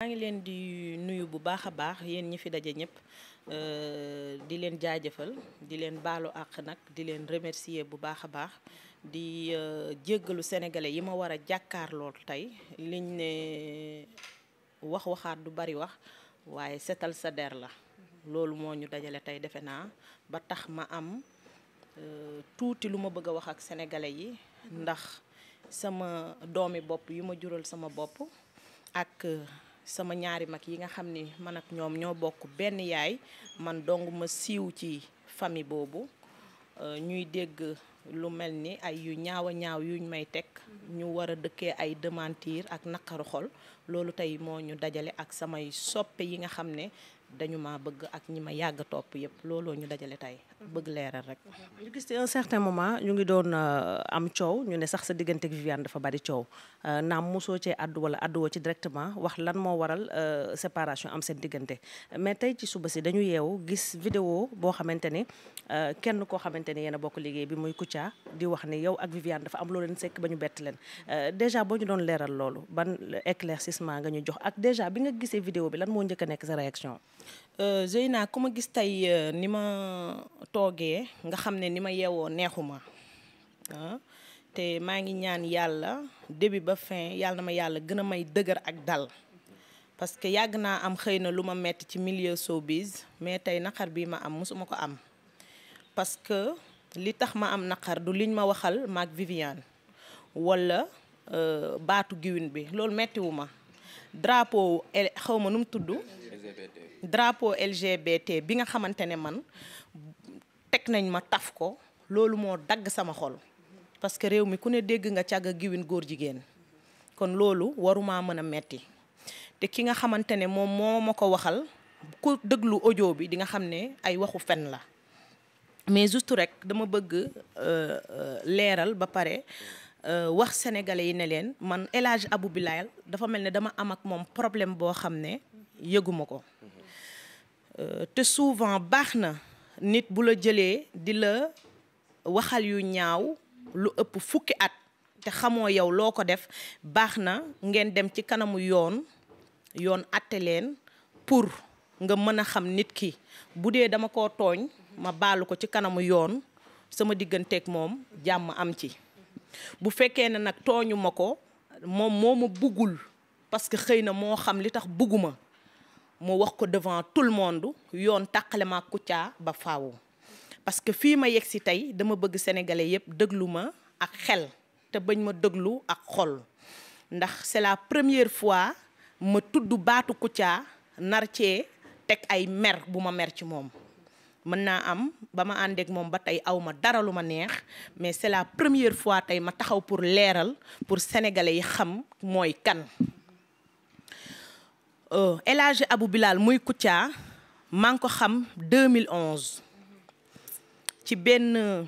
maa ngi leen di nuyu bu baax a baax yéen ñi fi daje ñëpp euh, di leen jaajëfal di leen baalu àq nag di leen remercier bu baax a baax di euh, jéggalu sénégalais yi ma war a jàkkaar lool tey liñ ne wax waxaat du bari wax waaye setal sa der la loolu moo ñu dajale tey defe naa ba tax ma am euh, tuuti lu ma bëgg a wax ak sénégalais yi ndax sama doomi bopp yi ma jural sama bopp ak sama ñaari mag yi nga xam ni mën ak ñoom ñoo bokk benn yaay man dong ma siiw ci famille boobu euh, ñuy dégg lu mel ni ay yu ñaaw a ñaaw yuñ may teg ñu war a dëkkee ay demantir ak naqaru xol loolu tey moo ñu dajale ak samay soppe yi nga xam ne dañu ma bëgg ak ñi ma yàgg topp yépp looloo ñu dajale tey bëgg leeral rek. ñu gis ci un certain moment ñu ngi doon euh, am coow ñu ne sax sa diggante ak Viviane dafa bari coow euh, naam mosoo cee addu wala adduwoo ci directement wax lan moo waral euh, séparation am seen diggante mais tey ci suba si dañu yeew gis vidéo boo xamante ni kenn koo xamante ni yéen a bokk liggéey bi muy Kouthia di wax ni yow ak Viviane dafa am loo leen sekk ba ñu bett leen déjà boo ñu doon leeral loolu ban éclaircissement nga ñu jox ak déjà bi nga gisee vidéo bi lan moo njëkk a nekk sa réaction. Zeyna ku ni ma. toogee nga xam ne ni ma yeewoo neexuma ah te maa ngi ñaan yàlla début ba fin yàlla na ma yàlla gën a may dëgër ak dal parce que yàgg naa am xëy na lu ma metti ci milieu showbiz mais tey naqar bii ma am mosuma ko am parce que li tax ma am naqar du liñ ma waxal maak Viviane wala euh, baatu giwin bi loolu mettiwu ma drapeau xaw ma num tudd drapeau LGBT bi nga xamante ne man teg nañ ma taf ko loolu moo dagg sama xol parce que réew mi ku ne dégg nga càgg giwin góor jigéen kon loolu waruma mën a metti te ki nga xamante ne moom moo ma ko waxal ku déglu audio bi di nga xam ne ay waxu fen la mais juste rek dama bëgg euh, euh, leeral ba pare euh, wax sénégalais yi ne leen man El Hadj Abou dafa mel ne dama am ak moom problème boo xam ne yëguma ko te souvent baax na nit bu la jëlee di la waxal yu ñaaw lu ëpp fukki at te xamoo yow loo ko def baax na ngeen dem ci kanamu yoon yoon atte leen pour nga mën a xam nit ki bu dee dama koo tooñ ma baalu ko ci kanamu yoon sama digganteek moom jàmm am ci bu fekkee ne nag tooñu ko moom moo ma buggul parce que xëy na moo xam li tax bugguma mu wax ko devant tout le monde yoon tàqale ma Kouthia ba faawu parce que fii ma yegg si tey dama bëgg sénégalais yëpp déglu ma ak xel te bañ ma déglu ak xol ndax c'est la première fois ma tudd baatu Kouthia nar cee teg ay mer bu ma mer ci moom mën naa am ba ma àndeek moom ba tey awma dara lu ma neex mais c'est la première fois tey ma taxaw pour leeral pour sénégalais yi xam mooy kan Euh, El Hadj Abou Bilal muy Kouthia maa ko xam 2011 ci benn euh,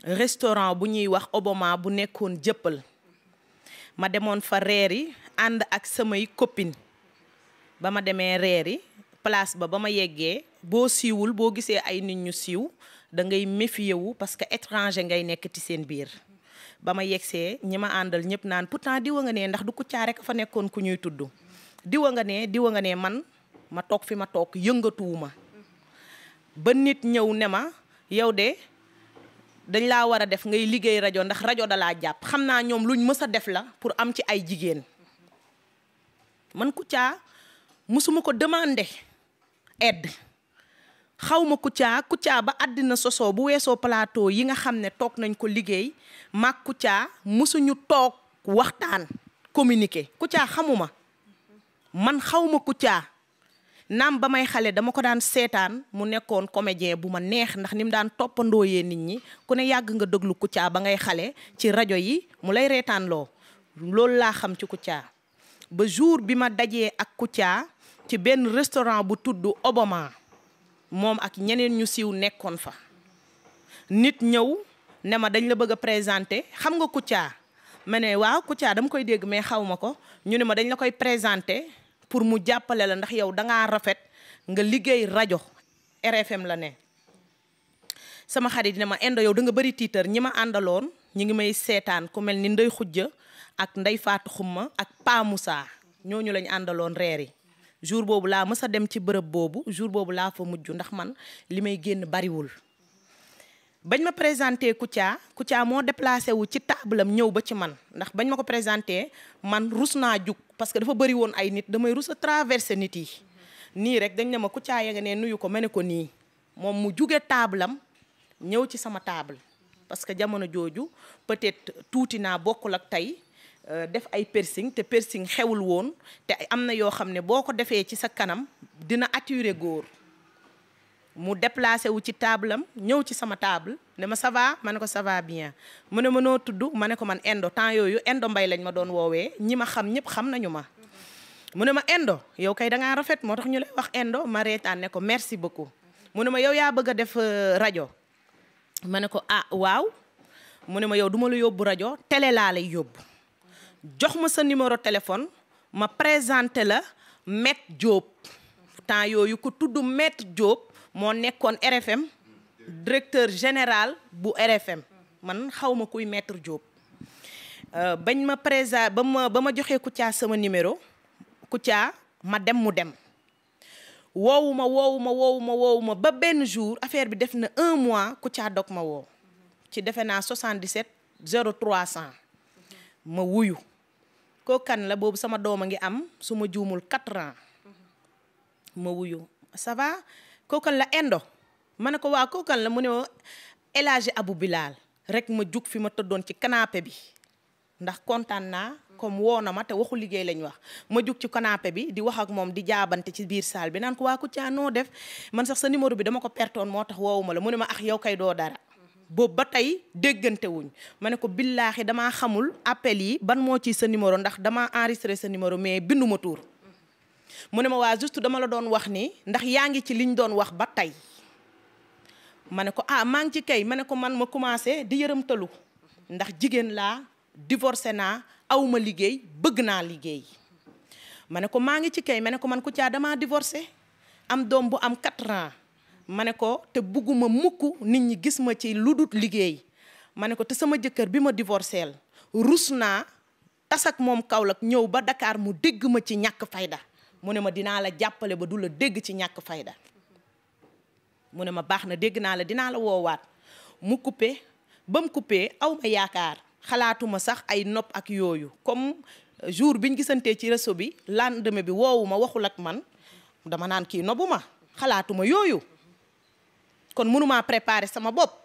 restaurant bu ñuy wax Obama bu nekkoon jëppal ma demoon fa reeri ànd ak samay copines ba ma demee reeri place ba ba ma yeggee boo siiwul boo gisee ay nit ñu siiw da ngay méfier wu parce que étranger ngay nekk ci seen biir ba ma yegsee ñi ma àndal ñëpp naan pourtant diwa nga ne ndax du Kouthia rek fa nekkoon ku ñuy tudd diwa nga ne diwa nga ne man ma toog fi ma toog yëngatuwuma ba nit ñëw ne ma yow de dañ la war a def ngay liggéey rajo ndax rajo da laa jàpp xam naa ñoom luñ mës a def la pour am ci ay jigéen man Kouthia musuma ko demander aide xaw ma Kouthia Kouthia ba àddina sosoo bu weesoo plateau yi nga xam ne toog nañ ko liggéey maag Kouthia musuñu toog waxtaan communiquer Kouthia xamuma man xaw ma Kouthia naam ba may xale dama ko daan seetaan mu nekkoon comédien bu ma neex ndax ni mu daan toppandooyee nit ñi ku ne yàgg nga déglu Kouthia ba ngay xale ci rajo yi mu lay reetaanloo loolu laa xam ci Kouthia ba jour bi ma dajee ak Kouthia ci benn restaurant bu tudd Obama moom ak ñeneen ñu siiw nekkoon fa nit ñëw ne ma dañ la bëgg a présenter xam nga Kouthia ma ne waaw Kouthia dama koy dégg mais xaw ma ko ñu ne ma dañ la koy présenté pour mu jàppale la ndax yow dangaa rafet nga liggéey rajo RFM la ne sama xarit ne ma indo yow da nga bëri tiitar ñi ma àndaloon ñi ngi may seetaan ku mel ni ndey xujja ak ndey faatu xumma ak Pa ñooñu lañ àndaloon reer yi jour boobu laa mës a dem ci bërëb boobu jour boobu laa fa mujj ndax man li may génn bariwul bañ ma présenté Kouthia Kouthia moo déplacé wu ci taabalam ñëw ba ci man ndax bañ ma ko présenté man rus naa jug parce que dafa bëri woon ay nit damay rus a traversé nit yi nii rek dañ ne ma Kouthia ya nga ne nuyu ko ma ne ko nii moom mu juge taabalam ñëw ci sama taabal parce que jamono jooju peut-être tuuti naa bokkul ak tey euh, def ay piercing te piercing xewul woon te am na yoo xam ne boo ko defee ci sa kanam dina attirer góor mu déplacé wu ci table am ñëw ci sama table ne ma ça ma ne ko ça bien mu ne ma noo tudd ma ne ko man Endo temps yooyu Endo mbay lañ ma doon woowee ñi ma xam ñëpp xam nañu ma. mu ne ma Endo yow kay da ngaa rafet moo tax ñu lay wax Endo ma reetaan ne ko merci beaucoup. mu ne ma yow yaa bëgg def euh, rajo ma ne ko ah waaw mu ne ma yow duma la yóbbu rajo télé laa lay yóbbu jox ma sa numéro téléphone ma présenté la Met Diop. temps yooyu ku tudd maître Diop moo nekkoon RFM directeur général bu RFM man xaw ma kuy maître Diop. Euh, bañ ma présent ba ma ba ma joxee Kouthia sama numéro Kouthia ma dem mu dem woowu ma woowu ma woowu ma woowu ma ba benn jour affaire bi def na un mois Kouthia dog ma woo ci defe naa 77 0300 ma wuyu kooku kan la boobu sama doom a ngi am su ma juumul 4 ans. ma wuyu ça va la indo ma ne ko waa kookan la mu ne ma El Hadji Abou Bilal rek ma jug fi ma tëddoon ci canapé bi ndax kontaan naa comme woo na ma te waxu liggéey lañ wax ma jug ci canapé bi di wax ak moom di jaabante ci biir salle bi naan ko waa Kouthia noo def man sax sa numéro bi dama ko pertoon moo tax woowuma la mu ne ma ax ah, yow kay doo dara boobu ba tey déggantewuñ ma ne ko billaahi damaa xamul appel yi ban moo ciy sa numéro ndax damaa enregistré sa numéro mais bindu tuur mu ne ma waa juste dama la doon wax ni ndax yaa ngi ci liñ doon wax ba tey ma ne ko ah maa ngi ci kay ma ne ko man ma commencé di yërëmtalu ndax jigéen laa divorcé naa awma liggéey bëgg naa liggéey ma ne ko maa ngi ci kay ma ne ko man ku caa damaa divorcé am doom bu am 4 ans ma ne ko te bugguma mukk nit ñi gis ma ci lu du liggéey ma ne ko te sama jëkkër bi ma divorceel rus naa tas ak moom Kaolack ñëw ba dakaar mu dégg ma ci ñàkk fayda mu ne ma dinaa la jàppale ba du la dégg ci ñàkk fayda mu ne ma baax na dégg naa la dinaa la woowaat mu coupé ba mu coupé aw yaakaar xalaatuma sax ay nopp ak yooyu comme euh, jour biñ gisantee ci réseau bi lendemain bi woowuma waxul ak man dama naan kii nobu ma xalaatuma yooyu kon mënumaa préparer sama bopp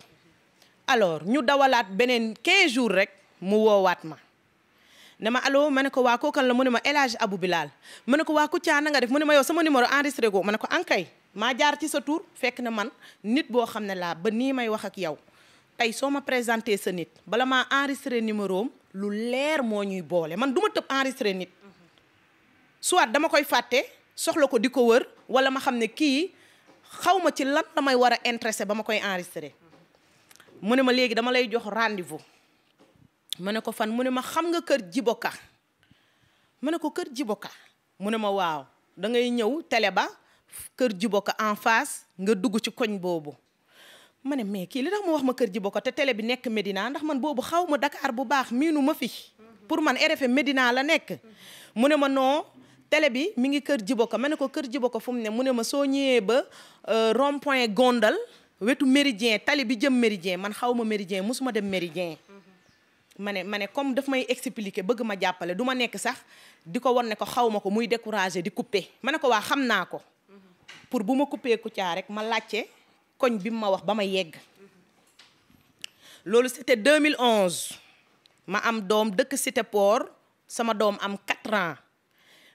alors ñu dawalaat beneen 15 jours rek mu woowaat ma ne ma allo ma ne ko waa kookan la mu ne ma El abu bilaal Bilal ne ko waa Kouthia na nga def mu ne ma yow sama numéro enregistré ko ma ne ko ankay maa jaar ci sa tur fekk na man nit boo xam ne laa ba nii may wax ak yow tey soo ma présenté sa nit bala maa enregistré numéro am lu leer moo ñuy boole man du ma tëb enregistré nit soit dama koy fàtte soxla ko di ko wër wala ma xam ne kii xaw ma ci lan la may war a intéressé ba ma koy enregistré mu ne ma léegi dama lay jox rendez ma ne ko fan mu ne ma xam nga kër jiboka ma ne ko kër jiboka mu ne ma waaw da ngay ñëw tele ba kër jiboka en face nga dugg ci koñ boobu ma ne mais kii li tax mu wax ma kër jiboka te télé bi nekk Médina ndax man boobu xaw ma Dakar bu baax miinu ma fi pour man RFM Médina la nekk mu ne ma noo télé bi mi ngi kër jiboka ma ne ko kër jiboka fu mu ne mu ne ma soo ñëwee ba euh, rond point Gondal wetu méridien tali bi jëm méridien man xaw ma méridien mosuma dem méridien ma ne ma ne comme dafa may expliquer bëgg ma jàppale du ma nekk sax di ko wan ne ko xaw ma ko muy découragé di coupé ma ne ko waa xam naa ko pour bu ma coupé Kouthia rek ma laajte koñ bi mu ma wax ba ma yegg loolu c'était 2011 ma am doom dëkk te Port sama doom am quatre ans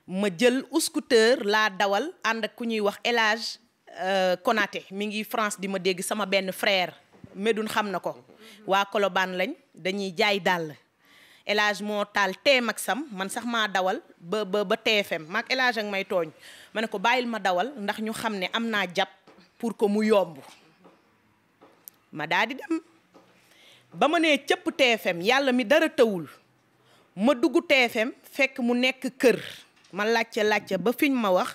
ma jël scooter laa dawal ànd ak ku ñuy wax Elage euh, Konaté mi ngi France di ma dégg sama benn frère Medoune xam na ko Mm-hmm. waa Colobane lañ dañuy jaay dàll. El Hadj moo taal teem ak sam man sax maa dawal ba ba ba TFM maak El ak may tooñ ma ne ko bàyyil ma dawal ndax ñu xam ne am naa jàpp pour ko mu yomb ma daa di dem ba ma nee cëpp TFM yàlla mi dara tëwul ma dugg TFM fekk mu nekk kër ma laajte laajte ba fiñ ma wax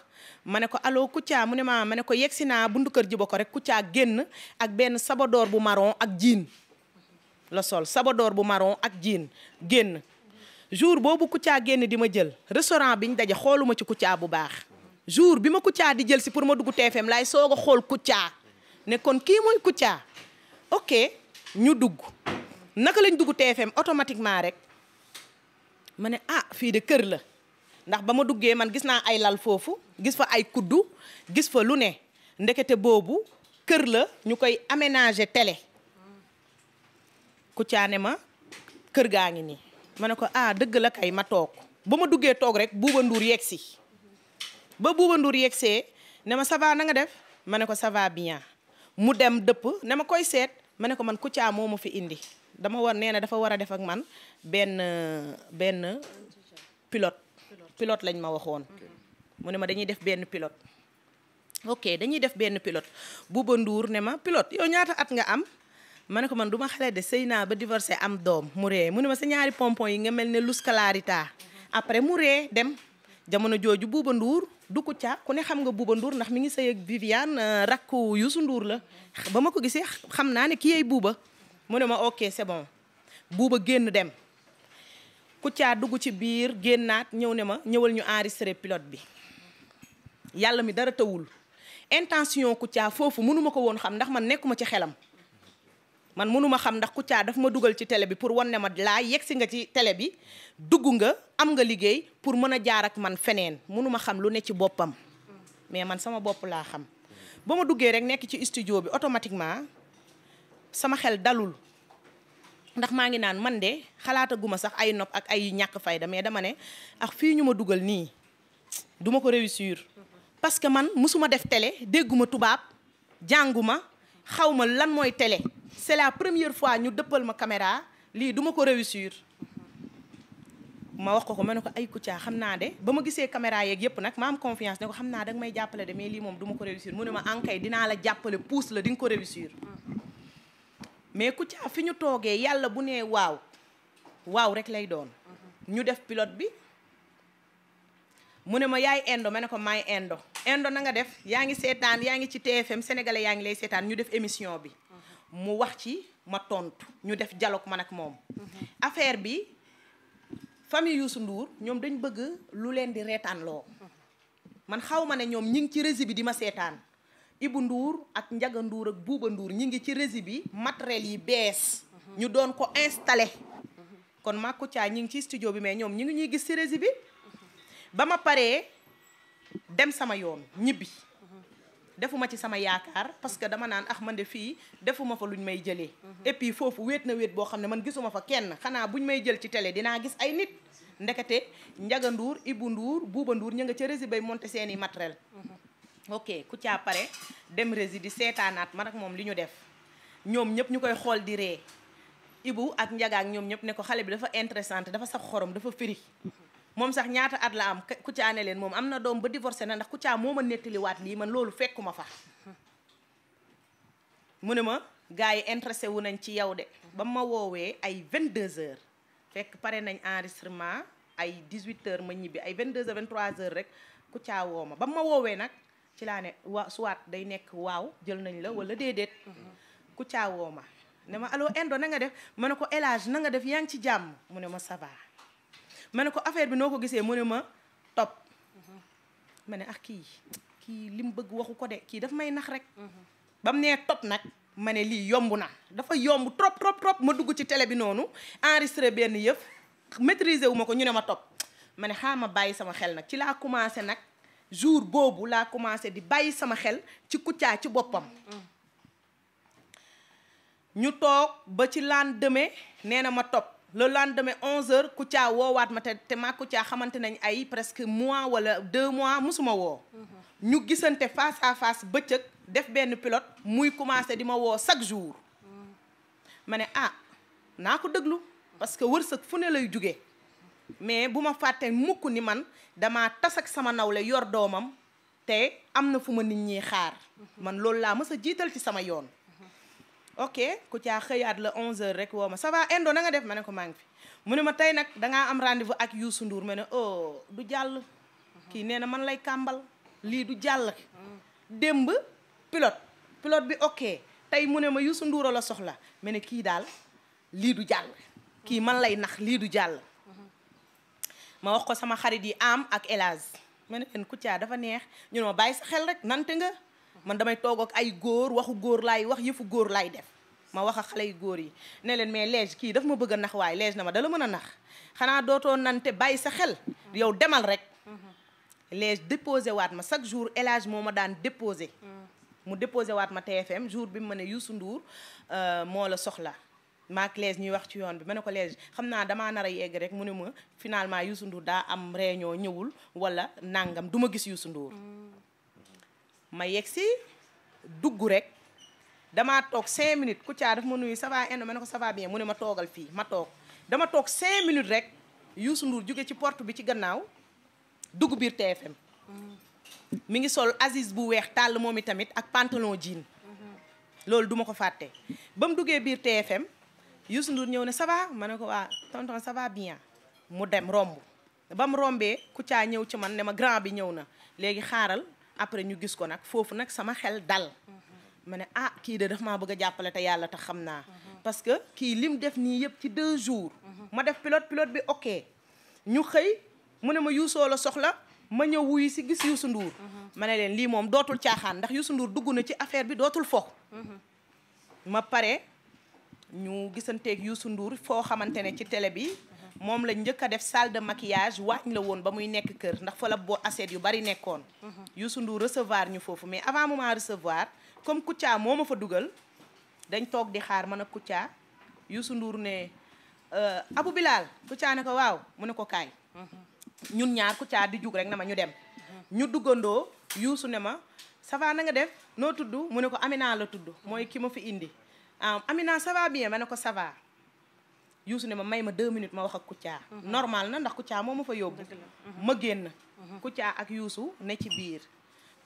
ma ne ko allo Kouthia mu ne ma ma ne ko yegsi naa buntu kër ji ba ko rek Kouthia génn ak benn sabadoor bu marron ak jiin la sol sabadoor bu marron ak jean génn jour boobu Kouthia génn di ma jël restaurant biñ daje xooluma ci Kouthia bu baax jour bi ma Kouthia di jël si pour ma dugg TFM laay soog a xool Kouthia ne kon kii mooy Kouthia ok ñu dugg naka lañ dugg TFM automatiquement rek ma ne ah fii de kër la ndax ba ma duggee man gis naa ay lal foofu gis fa ay kuddu gis fa lu ne ndekete boobu kër la ñu koy aménager tele Kouthia ne ma kër gaa ngi nii ma ne ko ah dëgg la kay ma toog ba ma duggee toog rek Bouba Ndour yegg si ba Bouba nduur yegg see ne ma ça va na nga def ma ne ko sava va bien mu dem dëpp ne ma koy seet ma ne ko man Kouthia moo ma fi indi dama war nee na dafa war a def ak man benn benn pilote pilote lañ ma waxoon mu ne ma dañuy def benn pilote ok dañuy def benn pilote Bouba Ndour ne ma pilote yow ñaata at nga am ma ne ko man du ma xale de sëy naa ba divorcé am doom mu ree mu ne ma sa ñaari pompon yi nga mel ne lus kalarita après mu ree dem jamono jooju buuba nduur du ko caa ku ne xam nga Bouba nduur ndax mi ngi sëy ak Viviane euh, rakku Youssou nduur la ba ma ko gisee xam naa ne ki yey Bouba mu ne ma ok c'est bon Bouba génn dem Kouthia dugg ci biir génnaat ñëw ne ma ñëwal ñu enregistré pilote bi yàlla mi dara tawul intention Kouthia foofu mënuma ko woon xam ndax man nekkuma ci xelam man mënuma xam ndax Kouthia daf ma dugal ci télé bi pour wan ne ma laa yegsi nga ci télé bi dugg nga am nga liggéey pour mën a jaar ak man feneen mënuma xam lu ne ci boppam mais man sama bopp laa xam ba ma duggee rek nekk ci studio bi automatiquement sama xel dalul ndax maa ngi naan man de xalaataguma sax ay nopp ak ay ñàkk fayda mais dama ne ak ah, fii ñu ma dugal nii duma ko réussir parce que man mësuma def tele dégguma tubaab jànguma xawma lan mooy télé c'est la première fois ñu dëppal ma caméra lii duma ko réussir ma wax ko ko ma ne ko ay Kouthia xam naa de ba ma gisee caméra yeeg yëpp nag ma am confiance ne ko xam naa danga may jàppale de mais lii moom duma ma ko réussir mu ne ma ankay dinaa la jàppale pousse la di ko réussir mais Kouthia fi ñu toogee yàlla bu nee waaw waaw rek lay doon ñu def pilote bi mu ne ma yaay indo ma ne ko maay indo indo na nga def yaa ngi seetaan yaa ngi ci TFM sénégalais yaa ngi lay seetaan ñu def émission bi mu wax ci ma tontu ñu def dialogue man ak moom. Mhm. affaire bi famille Youssou nduur ñoom dañ bëgg lu leen di reetaanloo. Mhm. man xaw ma ne ñoom ñi ngi ci rési bi di ma seetaan Ibou nduur ak njaga nduur ak buuba nduur ñi ngi ci rési bi matériel yi bees. Mhm. ñu doon ko installé. kon Mako caa ñi ngi ci studio bi mais ñoom ñu ngi ñuy gis ci rési bi. ba ma paree dem sama yoon ñibbi. defuma ci sama yaakaar parce que dama naan ax ah man de fii defuma fa lu luñ may jëlee mhm. et puis foofu wéet na wéet boo xam ne man gisuma fa kenn xanaa ñu may jël ci télé dinaa gis ay nit ndekete Njaga Nduur Ibu Nduur Buuba Nduur ñu nga ca rési bay monté seen i matériel mhm. ok ku caa pare dem rési di seetaanaat man ak moom li ñu def ñoom ñëpp ñu koy xool di ree Ibu ak Njaga ak ñoom ñëpp ne ko xale bi dafa intéressante dafa sax xorom dafa firi moom sax ñaata at la am Kouthia ne leen moom am na doom ba divorcé na ndax Kouthia moo ma nettaliwaat lii man loolu fekkuma fa mu ne ma gars yi intéressé wu nañ ci yow de ba mu ma woowee ay deux heures fekk pare nañ en enregistrement ay 18 heures ma ñibbi ay 22 heures 23 heures rek ku woo ma ba ma woowee nag ci laa ne soit day nekk waaw jël nañ la wala déedéet ku woo ma ne ma aloo Endo na nga def ma ne ko élage na nga def yaa ngi ci jàmm mu ne ma ça ma ne ko affaire bi noo ko gisee mu ne ma topp ma ne ax ah kii kii li mu bëgg waxu ko de kii dafa may nax rek ba mu nee topp nag ma ne lii yomb na dafa yomb trop trop trop ma dugg ci télé bi noonu enregistré benn yëf maîtriser wu ma ko ñu ne ma topp ma ne xaama bàyyi sama xel nag ci laa commencé nag jour boobu laa commencé di bàyyi sama xel ci Kouthia ci boppam ñu toog ba ci laan demee nee na ma topp le lendemain 11h Kouthia woowaat ma te te ku caa xamante nañ ay presque mois wala deux mois mosuma woo. Mhm. ñu gisante face à face bëccëg def benn pilote muy commencé di ma woo chaque jour. Mhm. ma ne ah naa ko déglu parce que wërsëg fu ne lay juge mais bu ma fàtte mukk ni man dama tas ak sama nawle yor doomam te am na fu ma nit ñiy xaar. Mhm. man loolu laa mës a jiital ci sama yoon. ok Kouthia xëyaat la 11h rek woo ma ça va Endo def ma ne ko maa ngi mu ne ma tey nag dangaa am rendez-vous ak yuusu nduur ma ne oh du jàll. kii nee na man lay kàmbal lii du jàll. démb pilote bi ok tey mu ne ma Youssou Ndour la soxla ma ne kii daal lii du jàll. kii man lay nax lii du jàll. ma wax ko sama xarit yi am ak El Hadj ma ne leen Kouthia dafa neex ñu ne ma bàyyi sa xel rek nante nga. man damay toog ak ay góor waxu góor laay wax yëfu góor laay def ma wax ak xale yu góor yi ne leen mais léegi kii daf ma bëgg a nax waaye léegi na ma dala mën a nax xanaa dootoo nante bàyyi sa xel yow demal rek léegi déposé waat ma chaque jour élage moo ma daan déposé mu déposé waat ma TFM jour bi mu ma ne Youssou Ndour euh, moo la soxla maak lees ñuy wax ci yoon bi ma ne ko lees xam naa damaa nar a yegg rek mu ne ma finalement Youssou Ndour daa am réunion ñëwul wala nangam du ma gis Youssou Ndour ma yegg si dugg rek damaa toog 5 minutes Kouthia daf ma nuyu ça va ma ne ko ça va bien mu ne ma toogal fii ma toog dama toog 5 minutes rek Youssou Ndour jóge ci porte bi ci gannaaw dugg biir TFM. mi ngi sol Aziz bu weex tàll moom i tamit ak pantalon jiin loolu duma ko fàtte ba mu duggee biir TFM Youssou Ndour ñëw ne ça ma ne ko waa tonton ça bien mu dem romb ba mu rombee Kouthia ñëw ci man ne ma grand bi ñëw na léegi xaaral. après ñu gis ko nag foofu nag sama xel dal ma ne ah kii de daf maa bëgg a jàppale te yàlla tax xam naa parce que kii lim def nii yëpp ci deux jours ma def pilote pilote bi ok ñu xëy mu ne ma yuusoo la soxla ma ñëw wuyu si gis Youssou nduur ma ne leen lii moom dootul caaxaan ndax Youssou nduur dugg na ci affaire bi dootul fo ma pare ñu gisanteeg Youssou nduur foo xamante ne ci télé bi moom la njëkk def salle de maquillage waañ la woon ba muy nekk kër ndax fa la boo assiette yu bari nekkoon. Youssou Ndour recevoir ñu foofu mais avant moment recevoir comme Kouthia moo ma fa dugal dañ toog di xaar man ak Kouthia Youssou nduur ne euh, Abou Bilal Kouthia ne ko waaw mu ne ko kaay. ñun ñaar Kouthia di jug rek na ma ñu dem. ñu duggandoo Youssou ne ma ça va na nga def noo tudd mu ne ko Amina la tudd mooy kii ma fi indi ah, Amina ça va bien ma ne ko ça Youssou ne ma may ma deux minutes ma wax ak Kouthia mhm. normal na ndax Kouthia moo ma fa yóbbu mhm. ma génn mhm. Kouthia ak Youssou ne ci biir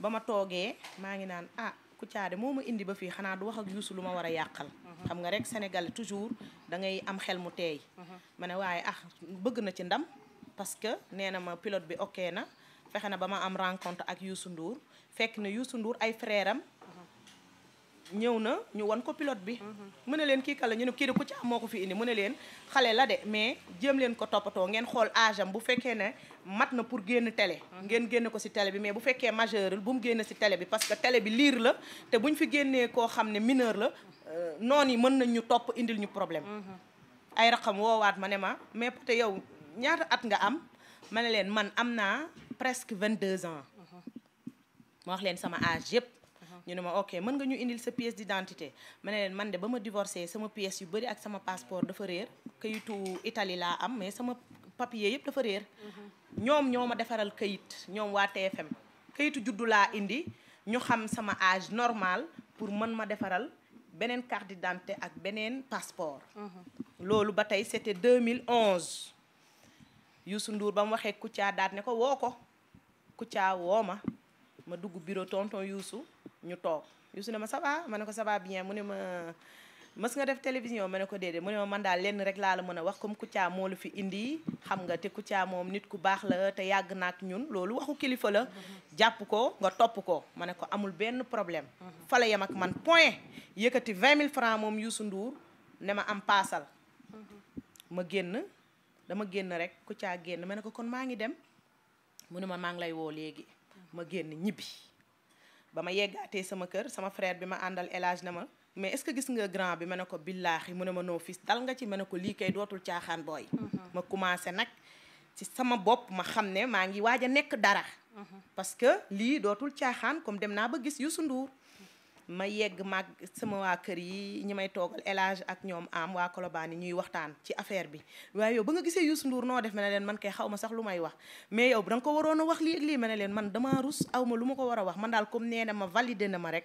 ba ma toogee maa ngi naan ah Kouthia de moo ma indi ba fii xanaa du wax ak Youssou lu ma war a yàqal xam nga rek Sénégal toujours da ngay am xel mu teey ma ne waaye ah bëgg na ci ndam parce que nee na ma pilote bi ok na fexe na ba ma am rencontre ak Youssou Ndour fekk na Youssou nduur ay frère ñëw na ñu wan ko pilote bi mu ne leen kii kala ñu ne kii di ku ci am moo ko fi indi mu ne leen xale la de mais jéem leen ko toppatoo ngeen xool âge am bu fekkee ne mat na pour génn télé ngeen génn ko si télé bi mais bu fekkee majeurul bu mu génn si télé bi parce que tele bi liir la te bu ñu fi génnee koo xam ne mineur la euh, noon yi mën nañ ñu topp indil ñu problème ay raqam woowaat ma ne ma mais peut yow ñaata at nga am ma ne leen man am naa presque vingt-deux ans ma leen sama âge yëpp ñu ne ma ok mën nga ñu indil sa pièce d'identité ma ne leen man de ba ma divorcé sama pièce yu bëri ak sama passeport dafa réer këyitu itali laa am mais sama papier yëpp dafa réer mhm. ñoom ñoo ma defaral këyit ñoom waa TFM këyitu juddu laa indi ñu xam sama age normal pour mën ma defaral beneen carte d'identité ak beneen passeport mhm. loolu ba tey c'était 2011 Youssou Ndour ba mu waxee Kouthia daat ne ko woo ko Kouthia woo ma ma dugg bureau tonton Youssou ñu toog Youssou ne ma ça va ma ne ko ça bien mu ne ma mës nga def télévision ma ne ko déedéet mu ne ma man daal lenn rek laa la mën a wax comme Kouthia moo fi indi xam nga te Kouthia moom nit ku baax la te yàgg na ak ñun loolu waxu kilifa la. jàpp ko nga topp ko ma ne ko amul benn problème. fale la yem ak man point yëkkati 20000 francs moom Youssou Ndour ne ma am paasal. ma génn dama génn rek Kouthia génn ma ne ko kon maa ngi dem mu ne ma maa ngi lay woo léegi ma génn ñibbi. ba ma yeggaatee sama kër sama frère bi ma àndal élage na ma mais est-ce gis nga grand bi ma ne ko billaahi mu ne ma noo fis dal nga ci ma ne ko lii kay dootul caaxaan booy mhm. ma commencé nag ci sama bopp ma xam ne maa ngi waaj a nekk dara mhm. parce que lii dootul caaxaan comme dem naa ba gis Youssou Ndour ma yegg mag sama waa kër yi ñi may toogal élage ak ñoom am waa Colobane yi ñuy waxtaan ci affaire bi waaye yow ba nga gisee Youssou Ndour noo def ma ne leen man kay xaw ma sax lu may wax mais yow da nga ko waroon a wax lii lii ma ne leen man dama rus aw ma lu ma ko war a wax man daal kom neena ma valide na ma rek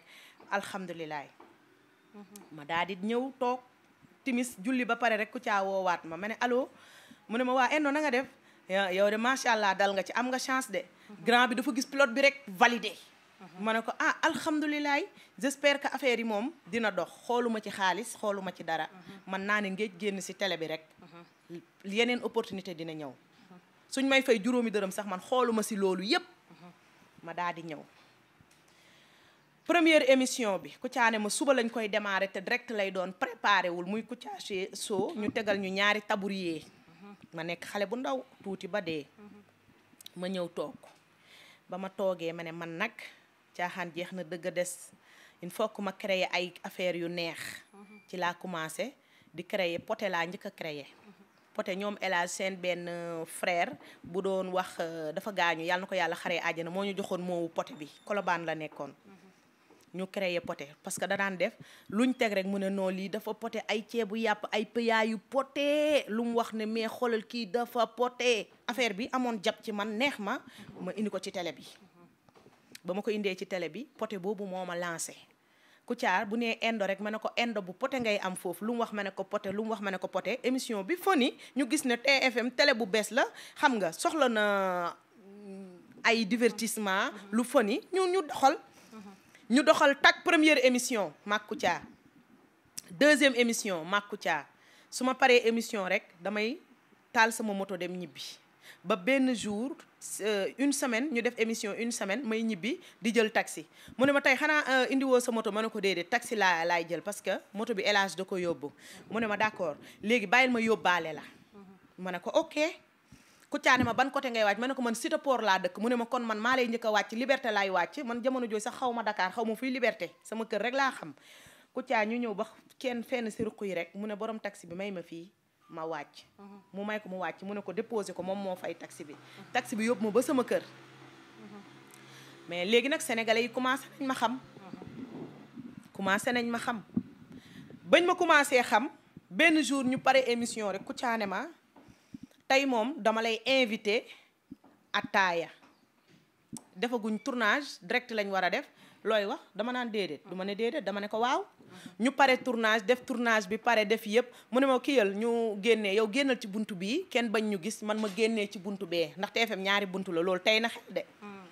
alhamdulilah. ma daal di ñëw toog timis julli ba pare rek ku caa woowaat ma ma ne allo mu ne ma waa Endo na nga def yow de macha allah dal nga ci am nga chance de. grand bi dafa gis pilote bi rek validé. Uh-huh. ma ne ko ah alhamdulilah j'espère que affaire yi moom dina dox xooluma ci xaalis xooluma ci dara. Uh-huh. man naa ne ngéej génn si télé bi rek. Uh-huh. yeneen opportunité dina ñëw. suñ may fay juróomi dërëm sax man xooluma si loolu yépp ma daa di ñëw. première émission bi Kouthia ne ma suba lañ koy démarrer te direct lay doon préparé wul muy Kouthia Show ñu tegal ñu ñaari tabourier ma nekk xale bu ndaw tuuti ba dee. ma ñëw toog ba ma toogee ma ne man nag. caaxaan jeex na dëgg des il faut que ma créer ay affaires yu neex. ci laa commencé di créer poté laa njëkk a créer. poté ñoom El Hadj seen benn euh, frère bu doon wax euh, dafa gaañu yàlla na ko yàlla xaree àjjana moo ñu joxoon moowu poté bi kolobaan la nekkoon. ñu créer poté parce que da daan def luñ teg rek mu ne noonu lii dafa poté ay ceebu yàpp ay pëyaayu poté lu mu wax ne mais xoolal kii dafa poté affaire bi amoon jàpp ci man neex ma ma indi ko ci tele bi. ba ma ko indee ci télé bi poté boobu moo ma lancé Kouthia bu ne indo rek ma ne ko indo bu poté ngay am foofu lu mu wax ma ne ko poté lu mu wax ma ne ko poté émission bi foni ñu gis ne TFM télé bu bees la xam nga soxla na mm, ay divertissement lu foni ñu ñu doxal ñu doxal tak première émission maak Kouthia deuxième émission maak Kouthia su ma paree émission rek damay taal sama moto dem ñibbi ba benn jour euh, une semaine ñu def émission une semaine may ñibbi di jël taxi mu ne ma tey xanaa euh, indiwoo sa moto ma ne ko déedéet taxi laa laay jël parce que moto bi élage da ko yóbbu mu ne ma d'accord léegi bàyyil ma yóbbaale la ma ne ko ok Kouthia ne ma ban côté ngay wàcc ma ne ko man si Port laa dëkk mu ne ma kon man maa lay njëkk a wàcc liberté laay wàcc man jamono jooju sax xaw ma Dakar xaw ma fuy liberté sama kër rek laa xam Kouthia ñu ñëw ba kenn fenn si ruq yi rek mu ne borom taxi bi may ma fii ma wàcc. Mhm. mu may ko mu wàcc mu ne ko déposé ko moom moo fay taxi bi. taxi bi yóbbu ma ba sama kër. Mhm. mais léegi nag sénégalais yi commencé nañ ma xam. Mhm. commencé nañ ma xam bañ ma commencé xam benn jour ñu pare émission rek ku caane ma tey moom dama lay invité ataaya defaguñ tournage direct lañ war a def looy wax dama naan déedéet. du ma ne déedéet dama ne ko waaw. ñu pare tournage def tournage bi pare def yëpp mu ne ma kiiyal ñu génnee yow génnal ci bunt bii kenn bañ ñu gis man ma génnee ci buntu bee ndax TFM ñaari buntu la loolu tey na xel de mm.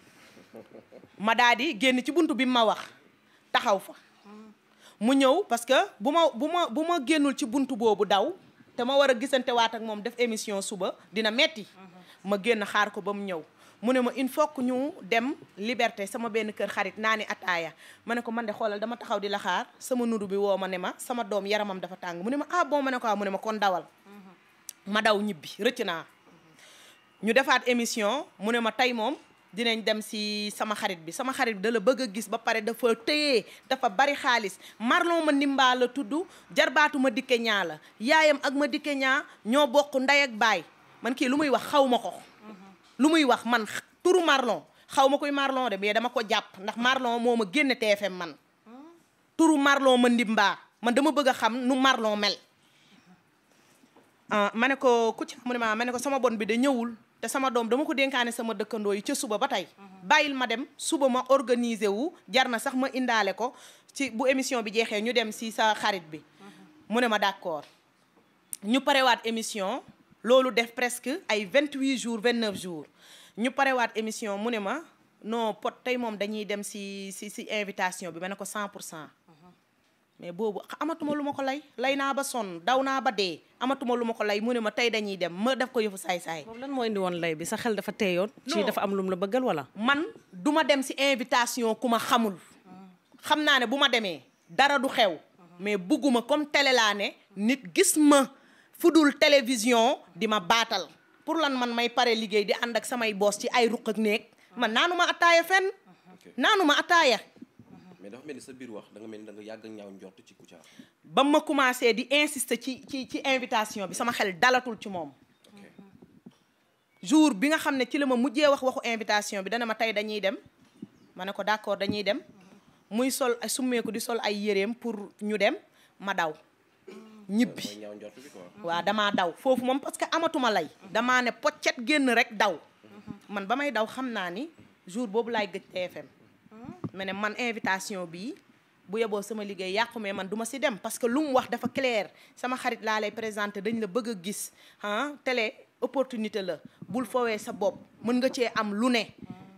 ma daa génn ci bunt bi ma wax taxaw fa mu ñëw parce que bu ma bu ma bu ma génnul ci bunt boobu daw te ma war a gisante waat ak moom def émission suba dina metti mm-hmm. ma génn xaar ko ba mu ñëw mu ne ma il faut que ñu dem liberté sama benn kër xarit naa ni ataaya ma ne ko man de xoolal dama taxaw di la xaar sama nuru bi woo ma ne ma sama doom yaramam dafa tàng mu ne ma ah bon ma ne ko ah, mu ne ma kon dawal mhm. ma daw ñibbi rëcc naa ñu defaat émission mu ne ma tey moom dinañ dem si sama xarit bi sama xarit bi da la bëgg a gis ba pare dafa téye dafa bari xaalis marlon ma ndimbaa la tudd jarbaatu ma dikke ñaa la yaayam ak ma dikke ñaa ñoo bokk ndey baay man kii lu muy wax xaw ma ko lu muy wax man turu Marlon xaw ma koy Marlon de mais dama ko jàpp ndax Marlon moo ma génne TFM man turu Marlon ma ndimbaa man dama bëgg xam nu Marlon mel ah, ma ne ko kucc mu ne ma ma ne ko sama bon bi de ñëwul te sama doom dama ko dénkaane sama dëkkandoo yi ca suba ba tey bàyyil ma dem suba ma organiser wu jar na sax ma indaale ko ci bu émission bi jeexee ñu dem si sa xarit bi mu ne ma d'accord ñu parewaat émission loolu def presque ay vingt huit jours vingt neuf jours ñu parewaat émission mu ne ma non pot tey moom dañuy dem si si si invitation bi ma ne ko cent pour cent mais boobu amatuma lu ma ko lay lay naa ba sonn daw naa ba dee amatuma lu ma ko lay mu ne ma tey dañuy dem ma def ko yëfu saay-saay. boobu lan moo indi woon lay bi sa xel dafa teeyoon. ci dafa am lum la bëggal wala. man du ma dem si invitation ku ma xamul. xam naa ne bu ma demee dara du xew. mais bugguma comme télé ne. nit gis ma. fu dul télévision di ma baatal pour lan man may pare liggéey di ànd ak samay boos ci ay ruq ak néeg man naanu ma attaaya fenn naanu ma attaaya mhm. mais dafa mel sa biir wax da mel ni da nga yàgg ñaaw njort ci Kouthia ba ma commencé di insister ci ci ci invitation bi sama xel dalatul ci moom jour bi nga xam ne ci la ma mujjee wax waxu invitation bi dana ma tey dañuy dem ma ne ko d'accord dañuy dem mhm. muy sol ay summeeku di sol ay yéreem pour ñu dem ma daw ñibbi waaw damaa daw foofu moom parce que amatuma lay damaa ne poccet génn rek daw man ba may daw xam naa ni jour boobu laay gëj TFM ma ne man invitation bii bu yeboo sama liggéey yàqu mais man duma si dem parce que lu mu wax dafa clair sama xarit laa lay présenté dañ la bëgg a gis ah télé opportunité la bul foowee sa bopp mën nga cee am lu ne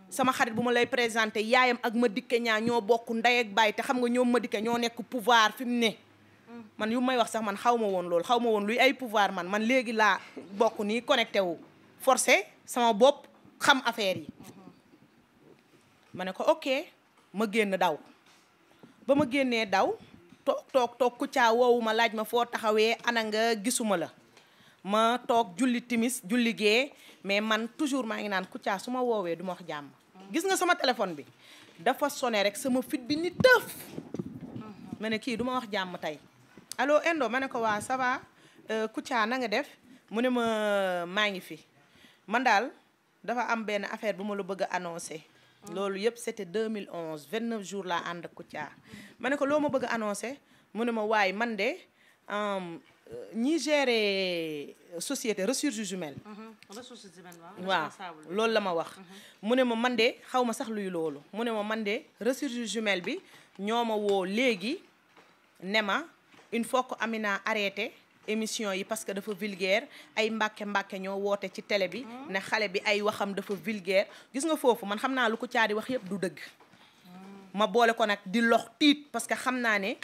sama xarit bu ma lay présenter yaayam ak ma dikke ñaa ñoo bokk ndey ak te xam nga ñoom ma dikke ñoo nekk pouvoir fi mu ne man yu may wax sax man xaw ma woon loolu xaw ma woon luy ay pouvoir man man léegi laa bokk nii connecté wu forcé sama bopp xam affaire yi ma ne ko ok ma génn daw ba ma génnee daw toog toog toog ku caa woowu laaj ma foo taxawee ana nga gisuma la ma toog julli timis julli gee mais man toujours maa ngi naan Kouthia su ma woowee du ma wax jàmm gis nga sama téléphone bi dafa sone rek sama fit bi ni tëf ma ne kii duma wax jàmm tey allo Endo ma ne ko waa ça va euh, Kouthia na nga def mu ne ma maa ngi fi man daal dafa am benn affaire bu ma la bëgg a annoncé. loolu yëpp c'était 2011 29 jours laa ànd ak Kouthia ma ne ko loo ma bëgg a annoncé mu ne ma waaye man de euh, ñi gérer société ressources humaines. Mm-hmm. ressources humaines waaw loolu la ma wax. Mm-hmm. mu ne ma man de xaw ma sax luy loolu mu ne ma man de ressources humaines bi ñoo ma woo léegi ne ma. il faut que Amina arrêté émission yi parce que dafa vulgaire ay mbàkke mbàkke ñoo woote ci tele bi ne xale bi ay waxam dafa vulgaire gis nga foofu man xam naa lu ko di wax yëpp du dëgg ma boole ko nag di lox tiit parce que xam naa ne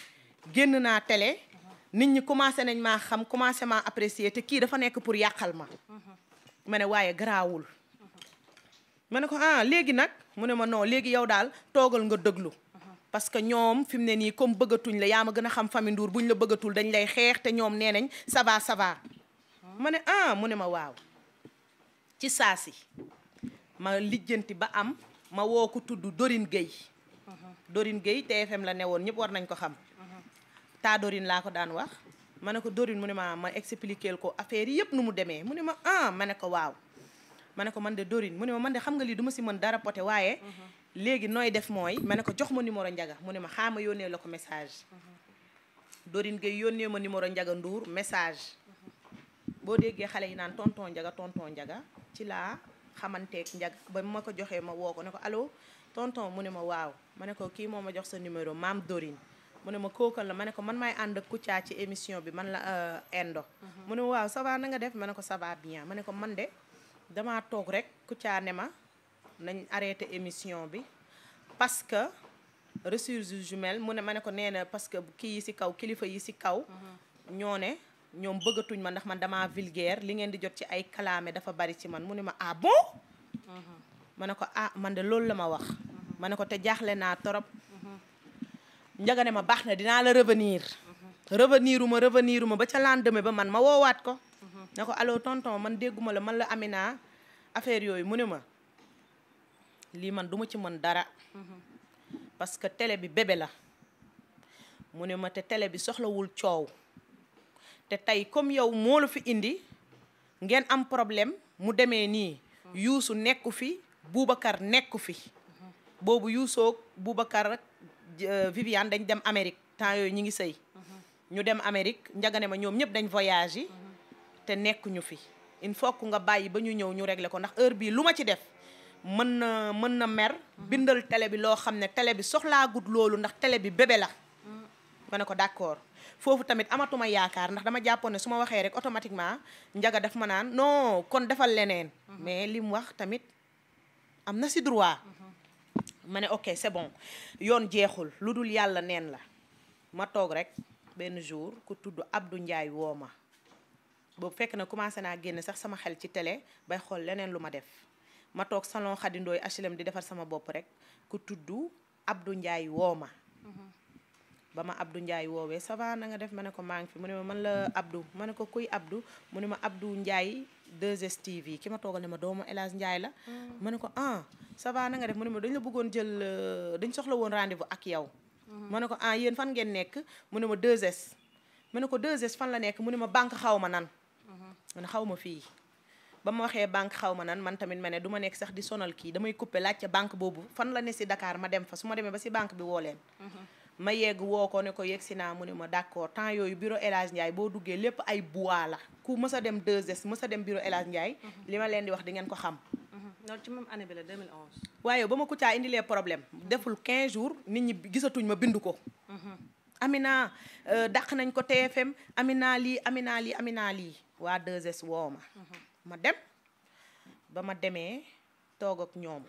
génn naa tele nit ñi commencé nañ maa xam commencé maa apprécier te kii dafa nekk pour yàqal ma ma ne waaye garaawul ma ne ko ah léegi nag mu ne ma non léegi yow daal toogal nga dëglu parce que ñoom fi mu ne nii comme bëggatuñ la yaa ma gën a xam famille Ndour buñ la bëggatul dañ lay xeex te ñoom nee nañ sabaa va ma ne ah mu ne ma waaw ci saa si ma lijjanti ba am ma woo ko tudd Dorine Gueye Dorine Gueye TFM la ne woon ñëpp war nañ ko xam taa Dorine laa ko daan wax ma ne ko dorin mu ne ma ma expliquer ko affaire yëpp nu mu demee mu ne ma ah ma ne ko waaw ma ne ko man de Dorine mu ne ma man de xam nga lii du ma si mën dara poté waaye léegi nooy def mooy ma ne ko jox ma numéro njaga mu ne ma xaama yónnee la ko message dorin Gueye yónnee ma numéro njaga Ndour message boo déggee xale yi naan tonton njaga tonton njaga ci laa xamanteeg njaga ba ma ko joxee ma woo ko ne ko allo tonton mu ne ma waaw ma ne ko kii moo ma jox sa numéro maam dorin mu ne ma kookal la ma ne ko man maay ànd ak Kouthia ci émission bi man la indo euh, mhm. mu ne ma waaw ça va na nga def ma ne ko ça va bien ma ne ko man de damaa toog rek Kouthia ne ma nañ arrêté émission bi parce que ressources jumelles mu ne ma ne ko nee na parce que kii yi ci kaw kilifa yi ci kaw. Mhm. ñoo ne ñoom bëggatuñ ma ndax man dama vulgaire li ngeen di jot ci ay kalaame dafa bari ci man mu ne ma ah mhm. ma ne ko ah man de loolu la ma wax. Mhm. ma ne ko te jaaxle naa torop. njaga ne ma baax na dinaa la revenir. revenir uma revenir uma ba ca lendemain ba man ma woowaat ko. ne ko allo tonton man dégguma la man la Amina affaire yooyu mu ne ma. lii man duma ci mën dara parce que télé bi bébé la mu ne ma te télé bi soxlawul coow te tey comme yow moo la fi indi ngeen am problème mu demee nii yuusu nekku fi Boubacar nekku fi boobu yuusoog Boubacar ak euh, Viviane dañ dem Amérique temps yooyu ñi ngi sëy ñu dem Amérique njagane ma ñoom ñëpp dañ voyage yi te nekkuñu fi il faut que nga bàyyi ba ñu ñëw ñu regle ko ndax heure bii lu ma ci def mën na mën na mer bindal tele bi loo xam ne tele bi soxlaa gudd loolu ndax tele bi bébé la ma ne ko d'accord foofu tamit amatuma yaakaar ndax dama jàppoon ne su ma waxee rek automatiquement njaga daf ma naan non kon defal leneen mhm. mais li wax tamit am na si droit mhm. ma ne ok c'est bon yoon jeexul lu dul yàlla neen la ma toog rek benn jour ku tudd Abdou njaay woo ma boobu fekk na commencé naa génn sax sama xel ci tele bay xool leneen lu ma def ma toog salon Khady Ndoye HLM di defar sama bopp rek ku tudd Abdou Ndiaye woow ma. ba ma Abdou Ndiaye woowee ça va na nga def ma ne ko maa fi mu ne ma man la Abdou ma ne ko kuy Abdou mu ne ma Abdou Ndiaye 2STV ki ma toogal ne ma doomu El Hadj la. ma ne ko ah ça va na nga ma dañ bëggoon jël euh, dañ soxla woon rendez ak yow. ma ne ko ah yéen fan ngeen nekk mu ne ma 2S ma ne ko 2 fan la nekk mu ne ma banque xaw ma nan. ma ne xaw ma fii. ba ma waxee banque xaw ma nan man tamit ma ne du ma nekk sax di sonal kii damay couper laajte banque boobu fan la ne si Dakar ma dem fa su ma demee ba si banque bi woo leen. Mm-hmm. ma yegg woo ko ne ko yegg si naa mu ne ma d'accord temps yooyu bureau El Hadj Ndiaye boo duggee lépp ay mm-hmm. di wax di ngeen ko xam. loolu mm-hmm. ci même année bi la 2011. ma Kouthia indilee problème deful ko. Amina euh, dàq nañ ko TFM Amina lii Amina lii Amina lii waa 2S ma dem ba ma demee toog ak ñoom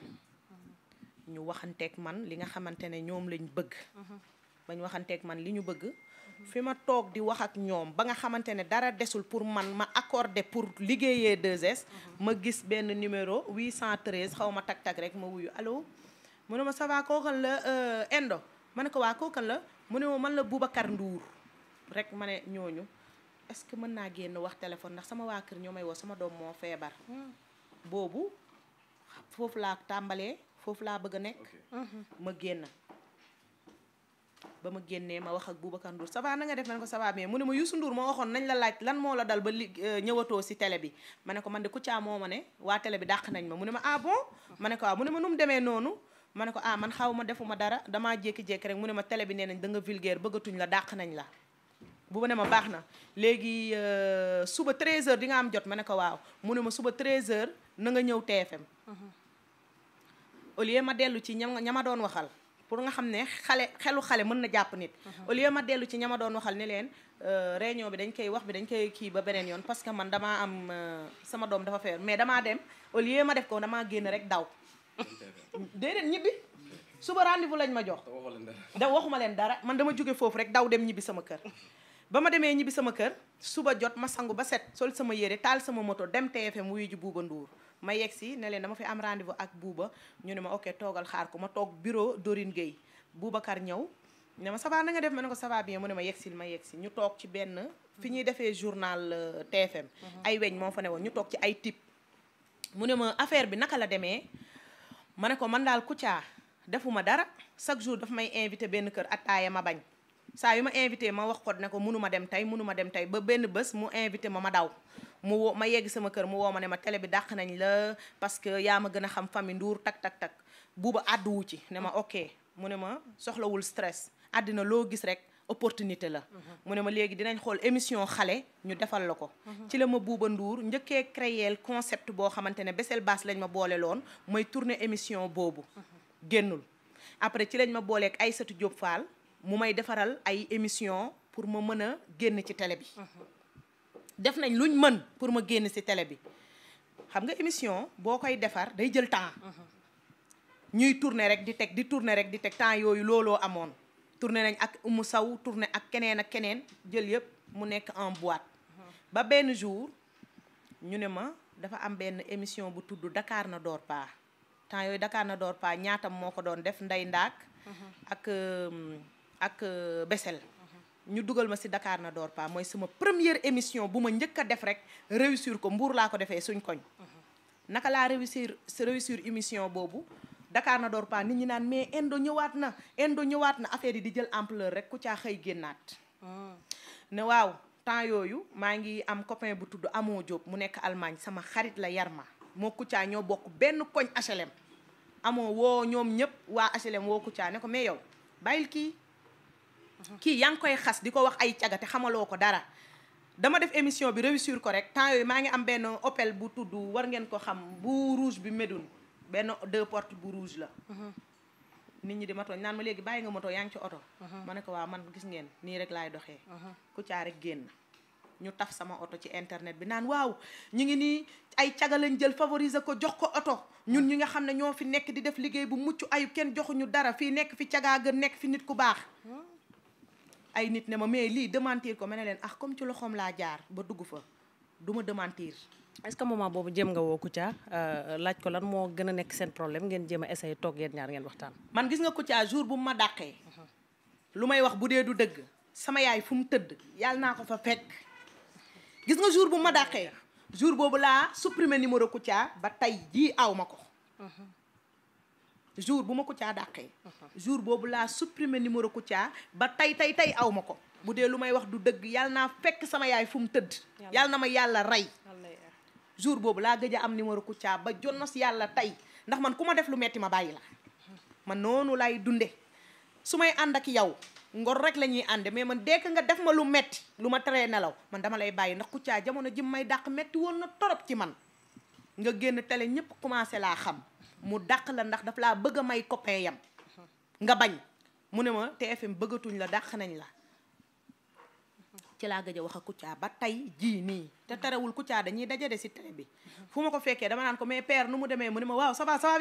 ñu waxanteeg man li nga xamante ne ñoom lañ bëgg bañ waxanteeg man li ñu bëgg fi ma toog di wax ak ñoom ba nga xamante ne dara desul pour man ma accordé pour liggéeyee 2 ma gis benn numéro 813 xaw ma tag-tag rek ma wuyu allo mu ne ma ça va kookan la euh, Endo ma ne ko waa kookan la mu ne ma man la Boubacar Ndour rek ma ne ñooñu est-ce que mën naa génn wax téléphone ndax sama waa kër ñoo may woo sama doom moo feebar hmm. boobu foofu laa tàmbalee foofu laa bëgg a nekk hmm. ma génn ba ma génnee ma wax ak Boubacar Ndour ça va na nga def man ko ça va mu ne ma Youssou Ndour ma waxoon nañ la laaj lan moo la dal ba li euh, ñëwatoo si tele bi ma ne ko man de Kouthia moo ma ne waa télé bi dàq nañ ma mu ne ma ah bon ma ne ko waaw ah, mu ne ma nu mu demee noonu ma ne ko ah man xaw ma defuma dara damaa jékki-jékki rek mu ne ma télé bi nee nañ da nga vulgaire bëggatuñ la dàq nañ la bu ma ne ma baax na léegi euh, suba 13h di nga am jot ma ne ko waaw mu ne ma suba 13h na nga ñëw TFM. Mhm. au lieu ma dellu ci ña ña ma doon waxal pour nga xam ne xale xelu xale mën na jàpp nit. Mhm. au lieu ma dellu ci ña ma doon waxal ne leen euh, réunion bi dañ koy wax bi dañ koy kii ba beneen yoon parce que man damaa am euh, sama doom dafa feer mais damaa dem au lieu ma def ko damaa génn rek daw. déedéet ñibbi. suba rendez-vous lañ ma jox. da waxuma leen dara man dama jóge foofu rek daw dem ñibbi sama kër. ba ma demee ñibbi sama kër suba jot ma sangu ba set sol sama yére taal sama moto dem TFM wuyu ji Bouba Ndour ma yegg si ne leen dama fi am rendez ak buuba ñu ne ma ok toogal xaar ko ma toog bureau Dorine Gueye Boubacar ñëw ne ma ça va na nga def ma ne ko ça va bien mu ma yegg si yegg si ñu toog ci benn fi ñuy defee journal euh, TFM mhm. ay weñ moo fa ne woon ñu toog ci ay type mu ne ma affaire bi naka la demee ma ne ko man daal Kouthia defuma dara chaque jour daf may invité benn kër attaaya ma bañ saa yu ma invité ma wax ko ne ko mënu dem tey mënu dem tey ba benn bés mu invité ma ma daw mu woo ma yegg sama kër mu woo ma ne ma télé bi dàq nañ la parce que yaa ma gën a xam famille Ndour tak tak tak buuba àdduwu ci ne ma ok mu ne ma soxlawul stress àddina loo gis rek opportunité la mu ne ma léegi dinañ xool émission xale ñu defal la ko ci la ma buuba nduur njëkkee créer concept boo xamante ne Bessel Bass lañ ma boole loon mooy tourner émission boobu génnul après ci lañ ma booleeg Aïssatou Diop Fall mu may defaral ay émission pour ma mën a génn ci tele bi def nañ luñ mën pour ma génn ci tele bi xam nga émission boo koy defar day jël temps ñuy tourner rek di teg di tourner rek di teg temps yooyu looloo amoon tourner nañ ak Oumou saw tourner ak keneen ak keneen jël yëpp mu nekk en boîte ba benn jour ñu ne ma dafa am benn émission bu tudd dakaar na door paa temps yooyu dakaar na door paa ñaatam moo ko doon def Ndey Ndaak ak euh, ak euh, Bessél ñu dugal ma si dakaar na door pa mooy sama première émission bu ma njëkk a def rek réussir ko mbuur laa ko defee suñ koñ naka laa réussir réussir émission boobu dakaar na door pa nit ñi naan mais indo ñëwaat na indo ñëwaat na affaire yi di jël ampleur rek ku caa xëy génnaat ne waaw temps yooyu maa ngi am copain bu tudd amoo Diop mu nekk Allemagne sama xarit la yar ma moo Kouthia ñoo bokk benn koñ HLM amoo woo ñoom ñëpp waa HLM woo Kouthia ko mais yow kii yaa ngi koy xas di ko wax ay cagate xamaloo ko dara dama def émission bi réussir ko rek temps maa ngi am benn opel bu tudd war ngeen ko xam bu rouge bi Médoune benn de portes bu rouge la mhm. nit ñi di ma tooñ naan ma léegi bàyyi nga moto yaa ngi ci oto mhm. ma ne ko waaw man gis ngeen nii rek lay doxee mhm. ku caa rek génn ñu taf sama oto ci internet bi naan waaw ñu ngi nii ay caga lañ jël favoriser ko jox ko oto ñun ñi nga xam ne ñoo fi nekk di def liggéey bu mucc ayub kenn joxuñu dara fii nekk fi cagaa gën nekk fi nit ku baax ay nit ne ma mais lii démentir ko ma ne leen ah comme ci loxoom laa jaar ba dugg fa duma ma démentir. est que moment boobu jéem nga woo Kouthia euh, laaj ko lan moo gën a nekk seen problème ngeen jéem a essayer toog yéen ñaar ngeen waxtaan. man gis nga Kouthia jour bu ma dàqee. Mhm. lu may wax bu dee du dëgg. sama yaay fu mu tëdd yàlla naa ko fa fekk gis nga jour bu ma dàqee jour boobu laa supprimer numéro Kouthia ba tey jii aw ma ko. Mhm. jour bu ma Kouthia dàqee uh-huh. jour boobu laa supprimer numéro Kouthia ba tey tey tey aw ko bu dee lu may wax du dëgg yàlla naa fekk sama yaay fu mu tëdd yàlla na ma yàlla rey jour boobu laa gëj am numéro Kouthia ba jonnos yàlla tey ndax man ku ma def lu metti ma bàyyi la man noonu lay dunde su may ànd ak yow ngor rek la ñuy ànde mais man dès nga def ma lu metti lu ma teree nelaw man dama lay bàyyi ndax Kouthia jamono jim may dàq metti woon na torop ci man nga génn télé ñëpp commencé laa xam mu dàq la ndax daf laa bëgg a may copain yam nga bañ mu ne ma TFM bëggatuñ la dàq nañ la ci laa gëj wax ak Kouthia ba tey jii nii te terewul Kouthia dañuy dajade si télé bi fu ma ko fekkee dama naan ko mais per nu mu demee mu ne ma waaw ça va ça va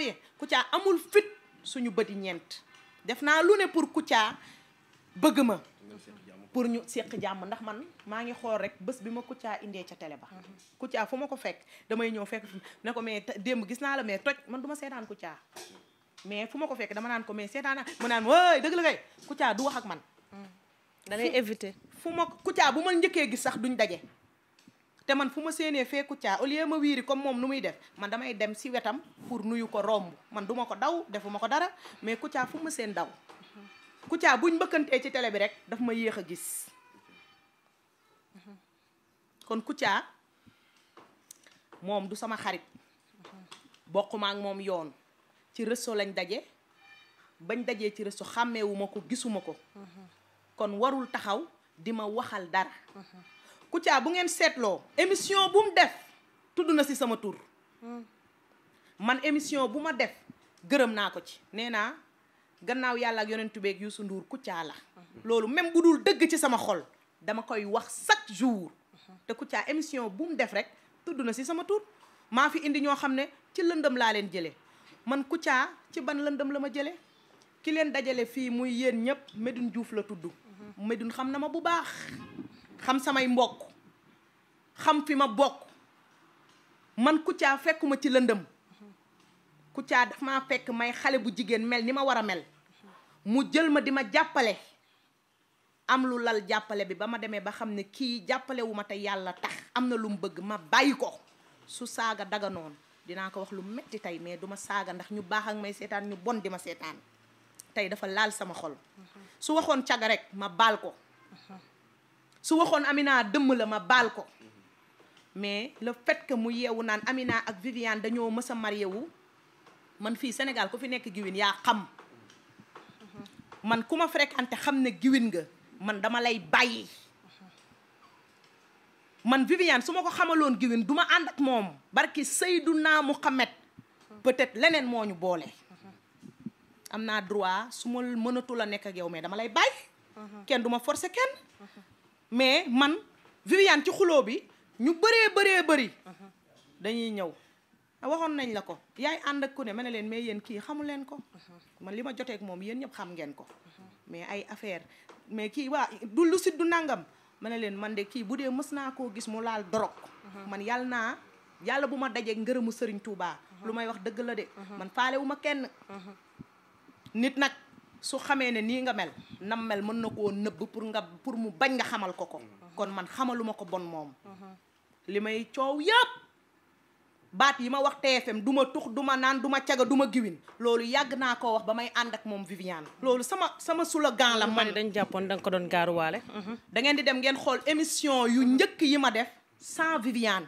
amul fit suñu bëti ñeent def naa lu ne pour Kouthia bëgg ma pour ñu seq jàmm ndax man maa ngi xool rek bés bi ma Kouthia indee ca télé ba mhm. Kouthia fu ma ko fekk damay ñëw fekk ne ko mais démb gis naa la mais toj man duma ma seetaan Kouthia mais fu ma ko fekk dama naan ko mais seetaan naa naan wooy dëgg la kay Kouthia du ak man mhm. da lay éviter fu ma Kouthia bu ma njëkkee gis sax duñ daje te man fu ma séenee fee Kouthia au lieu ma wiiri comme moom nu muy def man damay dem si wetam pour nuyu ko romb man duma ko daw defuma ko dara mais Kouthia fu ma seen daw Kouthia buñ mbëkkantee ci télé bi rek dafa ma yéex a gis kon Kouthia moom du sama xarit bokkuma ak moom yoon ci réseau lañ daje bañ dajee ci réseau xàmmewuma ko gisuma ko kon warul taxaw di ma waxal dara Kouthia bu ngeen seetloo émission bu mu def tudd na ci sama tur hmm. man émission bu ma def gërëm naa ko ci nee naa gannaaw yàlla ak yonentu beeg Youssou Ndour Kouthia la loolu même bu dul dëgg ci sama xol dama koy wax chaque jour te Kouthia émission bu def rek tudd na si sama tur maa fi indi ñoo xam ne ci lëndëm laa leen jëlee man Kouthia ci ban lëndëm la ma jëlee ki leen dajale fii muy yéen ñëpp Médoune Diouf la tudd Médoune xam na ma bu baax xam samay mbokk xam fi ma bokk man Kouthia fekkuma ci lëndëm Kouthia daf maa fekk may xale bu jigéen mel ni ma war a mel mu jël ma di ma jàppale am lu lal jàppale bi ba ma demee ba xam ne kii jàppale ma te yàlla tax am na lu mu bëgg ma bàyyi ko su saaga daga noonu dinaa ko wax lu metti tey mais du ma saaga ndax ñu baax ak may seetaan ñu bon di ma seetaan tey dafa laal sama xol su waxoon caga rek ma baal ko su waxoon Amina dëmm la ma baal ko mais la fait que mu yeewu naan Amina ak Viviane dañoo mës a marié wu man fii Sénégal ku fi nekk giwin yaa xam man ku ma fréquenté xam ne giwin nga man dama lay bàyyi man Viviane su ma ko xamaloon giwin du ma ànd ak moom barki naa Muhammad peut-être leneen moo ñu boole am naa droit su ma mënatul a nekk yow mais dama lay bàyyi kenn du ma kenn mais man Viviane ci xuloo bi ñu bëree bëree bëri dañuy ñëw waxoon nañ la ko yaay ànd ak ku ne ma ne leen mais yéen kii xamu leen ko uh-huh. man li ma joteeg moom yéen ñëpp xam ngeen ko uh-huh. mais ay affaire mais kii waa du lu sit du nangam ma ne leen man de kii bu dee mës naa koo gis mu laal dorog uh-huh. man yàlla naa yàlla bu ma dajee ngërëmu sëriñ Touba. lu may wax dëgg la de man faale wu ma kenn nit nag su xamee ne nii nga mel nam mel mën na koo nëbb pour nga pour mu bañ nga xamal ko ko kon man xamaluma ko bon moom li may coow yëpp baat yi ma wax TFM du ma tux du ma naan du ma caga du giwin loolu yàgg naa koo wax ba may ànd ak moom Viviane loolu sama sama slogan la man dañ jàppoon danga ko doon gaaruwaale mhm. da ngeen di dem ngeen xool émission yu njëkk yi ma def sans Viviane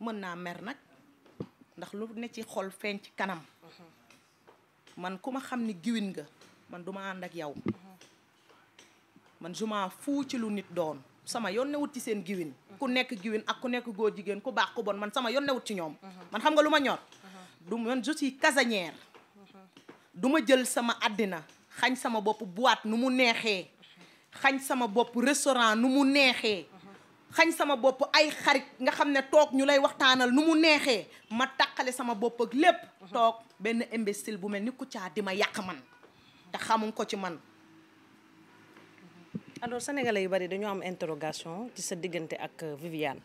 mën naa mer nag ndax lu ne ci xol feeñ ci kanam man ku ma xam ni giwin nga man duma ànd ak yow mhm. man je m'en ci lu nit doon sama yoon newut ci seen giwin mm-hmm. ku nekk giwin ak ku nekk goo jigéen ku baax ku bon man sama yoon newut ci ñoom mm-hmm. man xam nga lu ma ñor mm-hmm. du man je suis casanière duma jël sama àddina xañ sama bopp boîte nu mu neexee xañ sama bopp restaurant nu mu neexee xañ sama bopp ay xarit nga xam ne toog ñu lay waxtaanal nu mu neexee ma taqale sama bopp ak lépp toog benn imbécile bu mel ni ku Kouthia di ma yàq man te xamuñ ko ci man alors sénégalais yu bari dañoo am interrogation ci sa diggante ak euh, Viviane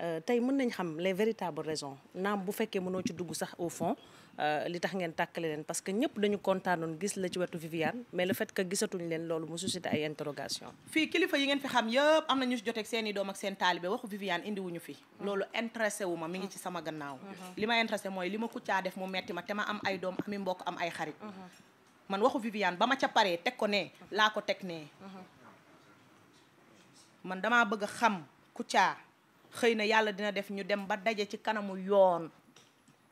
euh, tey mën nañ xam les véritables raison naam bu fekkee mënoo ci dugg sax au fond euh, li tax ngeen tàkkale leen parce que ñëpp dañu kontaanoon gis la ci wetu Viviane mais le fait que gisatuñ leen loolu mu suscité ay interrogation fii kilifa yi ngeen fi xam yëpp am na ñu si joteeg seen i doom ak seen taalibe waxu Viviane indiwuñu wuñu fi mm-hmm. loolu intéressé wu ma mi ngi ci sama gannaaw mm-hmm. li ma intéressé mooy li ma kuccaa def mu metti ma te am ay doom ami mbokk am ay xarit mm-hmm. man waxu Viviane ba ma ca paree teg ko ne laa ko teg ne man damaa bëgg xam ku caa xëy na yàlla dina def ñu dem ba daje ci kanamu yoon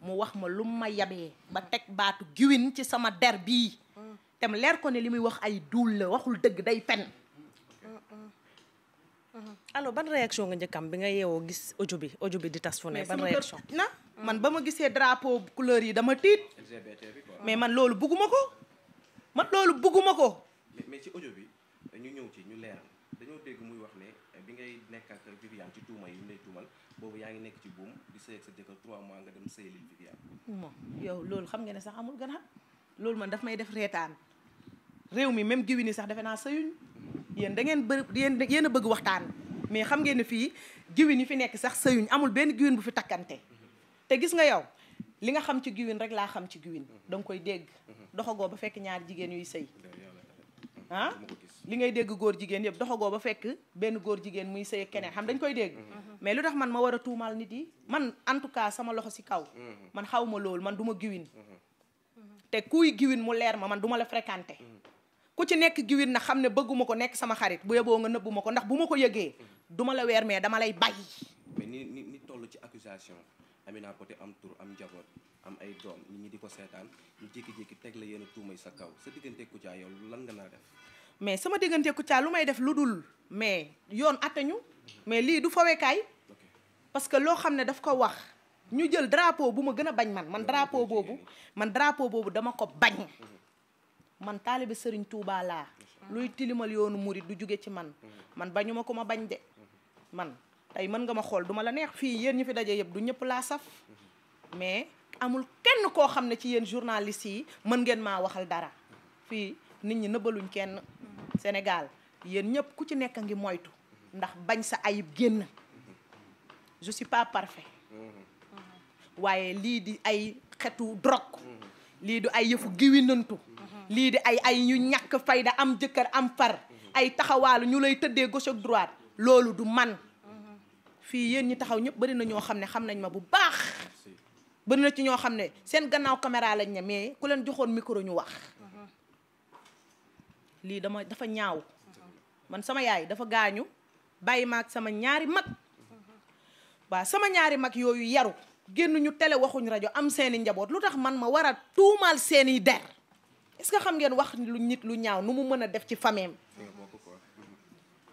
mu wax ma lu ma yabee ba teg baatu giwin ci sama der bii mm. tem leer ko ne li muy wax ay duul la waxul dëgg day fen mm, mm, alors ban réaction nga njëkkam bi nga yeewoo gis ojo bi ojo bi di tas fu ne ban réaction man ba ma gisee drapeau couleur yi dama tiit mais man loolu bugguma ko man loolu bugguma ko mais bi ñu ñëw ci ñu leeral dañoo dégg muy wax ne eh, bi ngay nekk ak Viviane ci tuuma yi ñu lay tuumal boobu yaa ngi nekk ci buum di sëy ak sa mois nga dem moom yow loolu xam nga ne sax amul ganaar loolu man daf may def reetaan réew mi même yi sax defe naa sëyuñ yéen da ngeen bë yéen yéen a bëgg waxtaan mais xam ngeen ne fii giwin yi fi nekk sax sëyuñ amul benn giwin bu fi takkante te gis nga yow li nga xam ci giwin rek laa xam ci giwin da koy dégg mhm. doxagoo ba fekk ñaari jigéen yuy sëy ah li ngay dégg góor jigéen yëpp doxagoo ba fekk benn góor jigéen muy sëy keneen xam dañ koy dégg mm-hmm. Mm-hmm. mais lu tax man ma war a tuumaal nit yi man en tout cas sama loxo ci kaw mm-hmm. man xaw ma loolu man duma ma giwin te kuy giwin mu leer ma man duma la fréquenté ku ci nekk giwin na xam ne bëgguma ko nekk sama xarit bu yeboo nga nëbbuma ko ndax bu ma ko yëgee duma la weer mais dama lay bàyyi ni ni toll ci accusation Amina Poté am tour am njaboot am ay doom ñu ñi di ko seetaan ñu jékki-jékki teg la yenn tuumay sa kaw sa diggante Kouthia yow lan nga naa def mais sama diggante Kouthia lu may def lu dul mais yoon atte ñu mais lii du fawekaay parce que loo xam ne daf ko wax ñu jël drapeau bu ma gën a bañ man man drapeau boobu man daraapo boobu dama ko bañ mhm. man taalibe sëriñ Touba laa luy tilimal yoonu murit du jóge ci man mhm. man bañu ma ko ma bañ de mhm. man tey mën nga ma xool duma la neex fii yéen ñu fi daje yëpp du ñëpp laa saf mais amul kenn koo xam ne ci yéen journalistes yi mën ngeen maa waxal dara fii nit ñi nëbbaluñ kenn Sénégal yéen ñëpp ku ci nekk ngi moytu ndax bañ sa ayib génn je suis pas parfait waaye lii di ay xetu drogue lii du ay yëfu giwinantu lii di ay ay ñu ñàkk fayda am jëkkër am far ay taxawaalu ñu lay tëddee gauche ak loolu du man fii yéen ñi taxaw ñëpp bari na ñoo xam ne xam nañ ma bu baax bëri na ci ñoo xam ne seen gannaaw caméra lañ ne mais ku leen joxoon micro ñu wax lii dama dafa ñaaw man sama yaay dafa gaañu bàyyi maak sama ñaari mag waaw sama ñaari mag yooyu yaru génn ñu tele waxuñ rajo am seeni njaboot lu tax man ma war a tuumaal seeni der est-ce que xam ngeen wax lu nit lu ñaaw nu mu mën a def ci fameem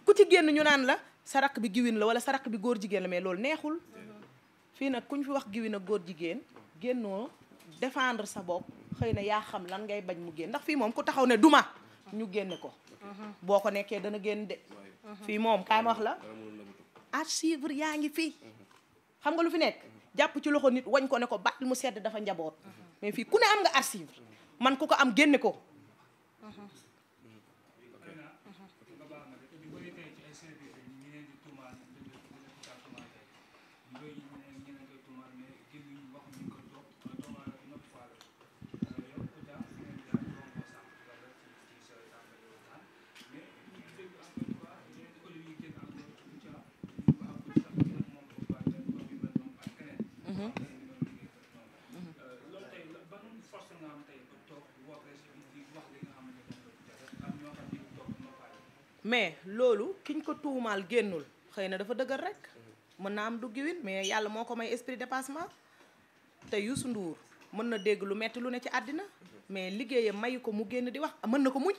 ku ci génn ñu naan la sa rakk bi giwin la wala sa rakk bi góor jigéen la mais loolu neexul fii nag ku ñu fi wax giwin ak góor jigéen génnoo defendre sa bopp xëy na yaa xam lan ngay bañ mu génn ndax fii moom ku taxaw ne duma ñu génne ko boo ko nekkee dana génn de fii moom kaay ma wax la archive yaa ngi fii xam nga lu fi nekk jàpp ci loxo nit wañ ko ne ko bàyyil mu sedd dafa njaboot mais fii ku ne am nga archive man ku ko am génne ko Mm-hmm. mais loolu kiñ ko tuumaal génnul xëy na dafa dëgër rek mën naa am du giwin mais yàlla moo ko may esprit dépassement te Youssou Ndour mën na dégg lu metti lu ne ci àddina mais liggéeyam mayu ko mu génn di wax mën na ko muñ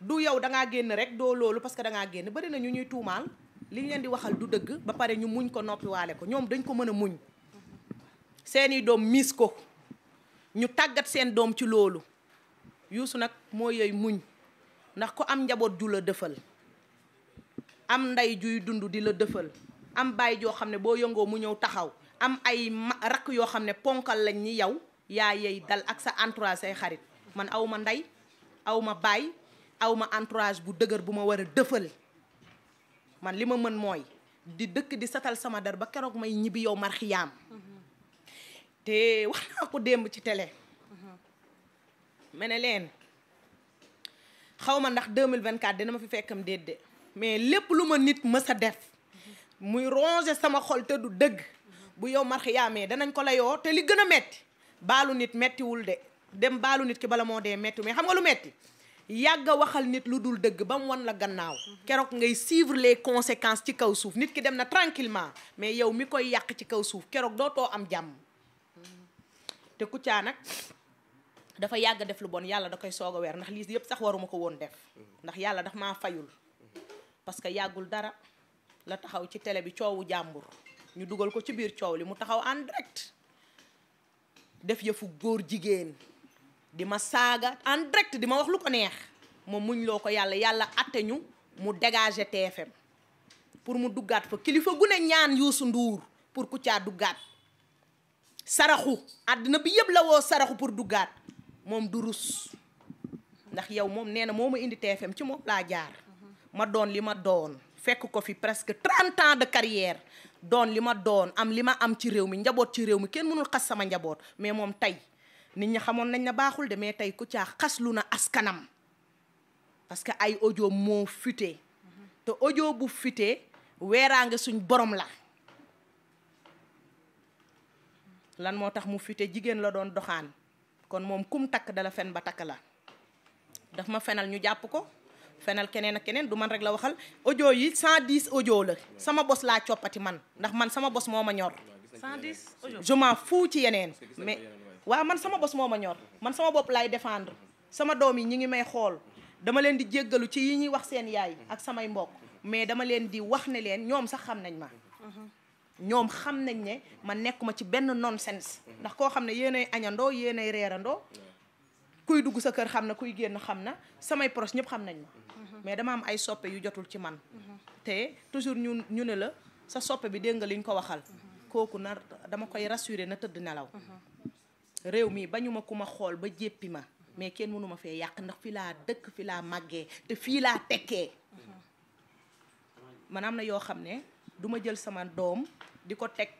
du yaw da ngaa génn rek doo loolu parce que da ngaa génn bari na ñu ñuy tuumaal li ñu di waxal du dëgg ba pare ñu muñ ko noppiwaale ko ñoom dañ ko mën a muñ seeni doom miis ko ñu tàggat seen doom ci loolu yuusu nag moo yooyu muñ ndax ku am njaboot ju la dëfal am ndey juy dund di la dëfal am baay joo xam ne boo yëngoo mu ñëw taxaw am ay rakk yoo xam ne ponkal lañ ñi yow yaa yey dal ak sa entourage say xarit man aw ma ndey aw ma baay aw ma bu dëgër bu ma war a dëfal man li ma mën mooy di dëkk di satal sama dar ba keroog may ñibbi yow marxiyaam te wax naa ko démb ci télé. ma mm-hmm. ne leen xaw ma ndax deux mille vingt quatre dina ma fi fekkam déet de mais lépp lu ma nit mës a def. Mm-hmm. muy ronger sama xol te du dëgg. bu yow marxiyaamee danañ ko la yoo te li gën a metti baalu nit mettiwul de dem baalu nit ki bala moo dee metti mais xam nga lu metti yàgg waxal nit lu dul dëgg ba mu wan la gannaaw mm-hmm. keroog ngay suivre les conséquences ci kaw suuf nit ki dem na tranquillement mais yow mi koy yàq ci kaw suuf keroog dootoo am jàmm te Kouthia nag dafa yàgg def lu bon yàlla da koy soog weer ndax lii yëpp sax waruma ko woon def ndax yàlla daf maa fayul parce que yàggul dara la taxaw ci tele bi coowu jàmbur ñu dugal ko ci biir coow li mu taxaw en direct def yëfu góor jigéen di ma saaga en direct di ma wax lu ko neex moom muñ loo ko yàlla yàlla atte ñu mu dégager TFM pour mu duggaat fa kilifa gu ne ñaan Youssou nduur pour Kouthia duggaat saraxu àddina bi yëpp la woo saraxu pour duggaat moom du rus ndax yow moom nee na moo ma indi TFM ci moom laa jaar ma doon li ma doon fekk ko fi presque trente ans de carrière doon li ma doon am li ma am ci réew mi njaboot ci réew mi kenn mënul xas sama njaboot mais moom tey nit ñi xamoon nañ na baaxul de mais tey ku caa xaslu na askanam parce que ay audio moo fuité te audio bu fuité weeraange suñ borom la lan moo tax mu fite jigéen la doon doxaan kon moom kum takk dala fen ba takk la daf ma fenal ñu jàpp ko fenal keneen ak keneen du man rek la waxal audio yi cent 110 audio la sama bos laa coppati man ndax man sama bos moom a ñor. 110 audio je m'en yeneen. mais waaw man sama bos moo ma ñor man sama bopp laay defendre sama doom yi ñu ngi may xool dama leen di jéggalu ci yi ñuy wax seen yaay ak samay mbokk mais dama leen di wax ne leen ñoom sax xam nañ ma. Mhm. ñoom xam nañ ne ma nekkuma ci benn nonsense ndax koo xam ne yéenay añandoo yéenay reerandoo kuy dugg sa kër xam na kuy génn xam na samay proches ñëpp xam nañ ma mais dama am ay soppe yu jotul ci man te toujours ñu ñu ne la sa soppe bi dégg nga liñ ko waxal kooku na dama koy rassurer na tëdd nelaw réew mii bañu ma ku ma xool ba jéppi ma mais kenn mënuma fee yàq ndax fi laa dëkk fi laa màggee te fii laa tekkee man am na yoo xam ne duma jël sama doom di ko teg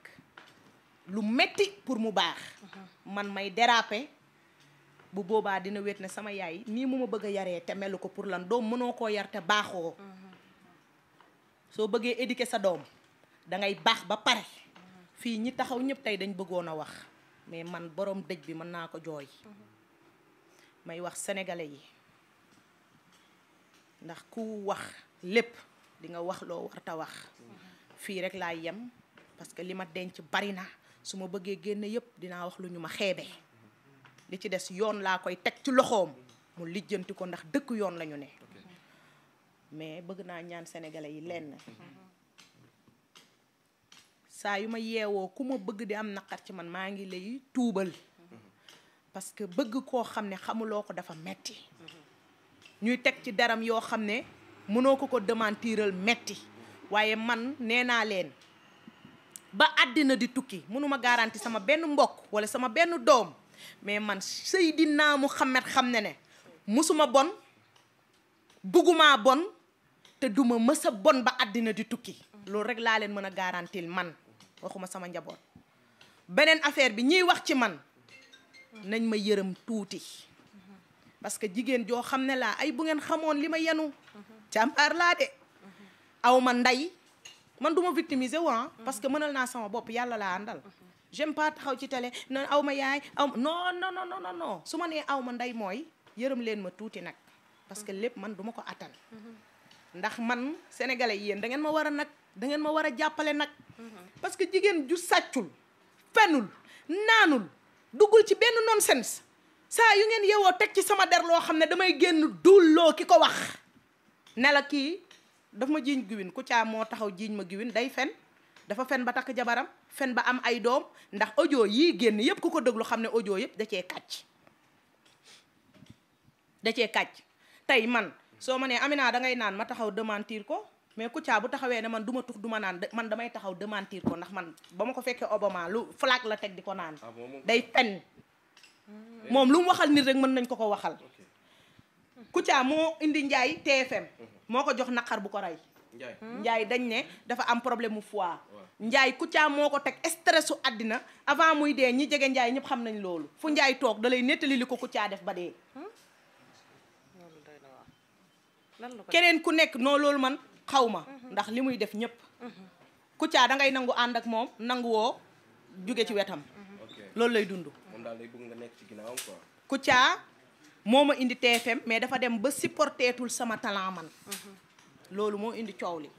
lu metti pour mu baax uh-huh. man may déraper bu boobaa dina wéet ne sama yaay nii mu ma bëgg a yaree te melu ko pour lan doom mënoo koo yar te baaxoo uh-huh. soo bëggee éduquer sa doom da ngay baax ba pare uh-huh. fii ñi taxaw ñëpp tey dañ bëggoon a wax mais man borom dëj bi mën naa ko jooy may wax sénégalais yi ndax ku wax lépp di nga wax loo warta wax fii rek laa yem parce que li ma denc bari na su ma bëggee génn yëpp dinaa wax lu ñu ma xeebe li ci des yoon laa koy teg ci loxoom mu lijjanti ko ndax dëkk yoon lañu ne mais bëgg naa ñaan sénégalais yi lenn saa yu ma yeewoo ku ma bëgg di am naqar ci man maa ngi lay tuubal parce que bëgg koo xam ne xamuloo ko dafa metti mhm. ñuy teg ci daram yoo xam ne mënoo ko ko démentiral metti waaye man nee naa leen ba àddina di tukki mënuma garanti sama benn mbokk wala sama benn doom mais man mu Muhammad xam ne ne mësuma bon bugguma bon te duma mësa bon ba àddina di tukki loolu rek laa leen mën a garantil man waxuma sama njaboot beneen affaire bi ñuy wax ci man nañ ma yërëm tuuti parce que jigéen joo xam ne laa ay bu ngeen xamoon li ma yenu jàmbaar laa de aw ma ndey man du ma victimiser wu ah, parce que mënal naa sama bopp yàlla laa àndal. j'aime pas taxaw ci télé non aw ma yaay aw ma non non non su ma nee aw ma ndey mooy yërëm leen ma tuuti nag. parce que lépp man duma ko attan. ndax man sénégalais yéen da ngeen ma war a nag dangeen ma war a jàppale nag. parce que jigéen ju sàccul fenul naanul duggul ci benn nonsense saa yu ngeen yewoo teg ci sama der loo xam ne damay génn duulloo ki ko wax ne kii. dafa ma jiiñ giwin ku caa moo taxaw jiiñ ma giwin day fen dafa fen ba takk jabaram fen ba am ay doom ndax audio yii génn yépp ku ko déglu xam ne audio yépp da cee kàcc da cee kàcc tey man soo ma nee Amina da ngay naan ma taxaw démentir ko mais Kouthia bu taxawee ne man du tux du ma naan man damay taxaw démentir ko ndax man ba ma ko fekkee Obama lu flag la teg di ko naan ah, day fen mm. moom lu mu waxal nit rek mën nañ ko ko waxal Kouthia moo indi Ndiaye TFM moo ko jox naqar bu ko rey Ndiaye hmm? dañ ne dafa am problème mu foie Ndiaye Kouthia moo ko teg stress su àddina avant muy dee ñi jege njaay ñëpp xam nañ loolu fu njaay toog dalay lay nettali li ko Kouthia def ba dee hmm? keneen ku nekk noo loolu man xawma hmm. ndax li muy def ñëpp Kouthia da ngay nangu ànd ak moom nangu jóge ci wetam loolu lay dund moom moo ma indi TFM mais dafa dem ba supporteetul sama talent man mm-hmm. loolu moo indi coow li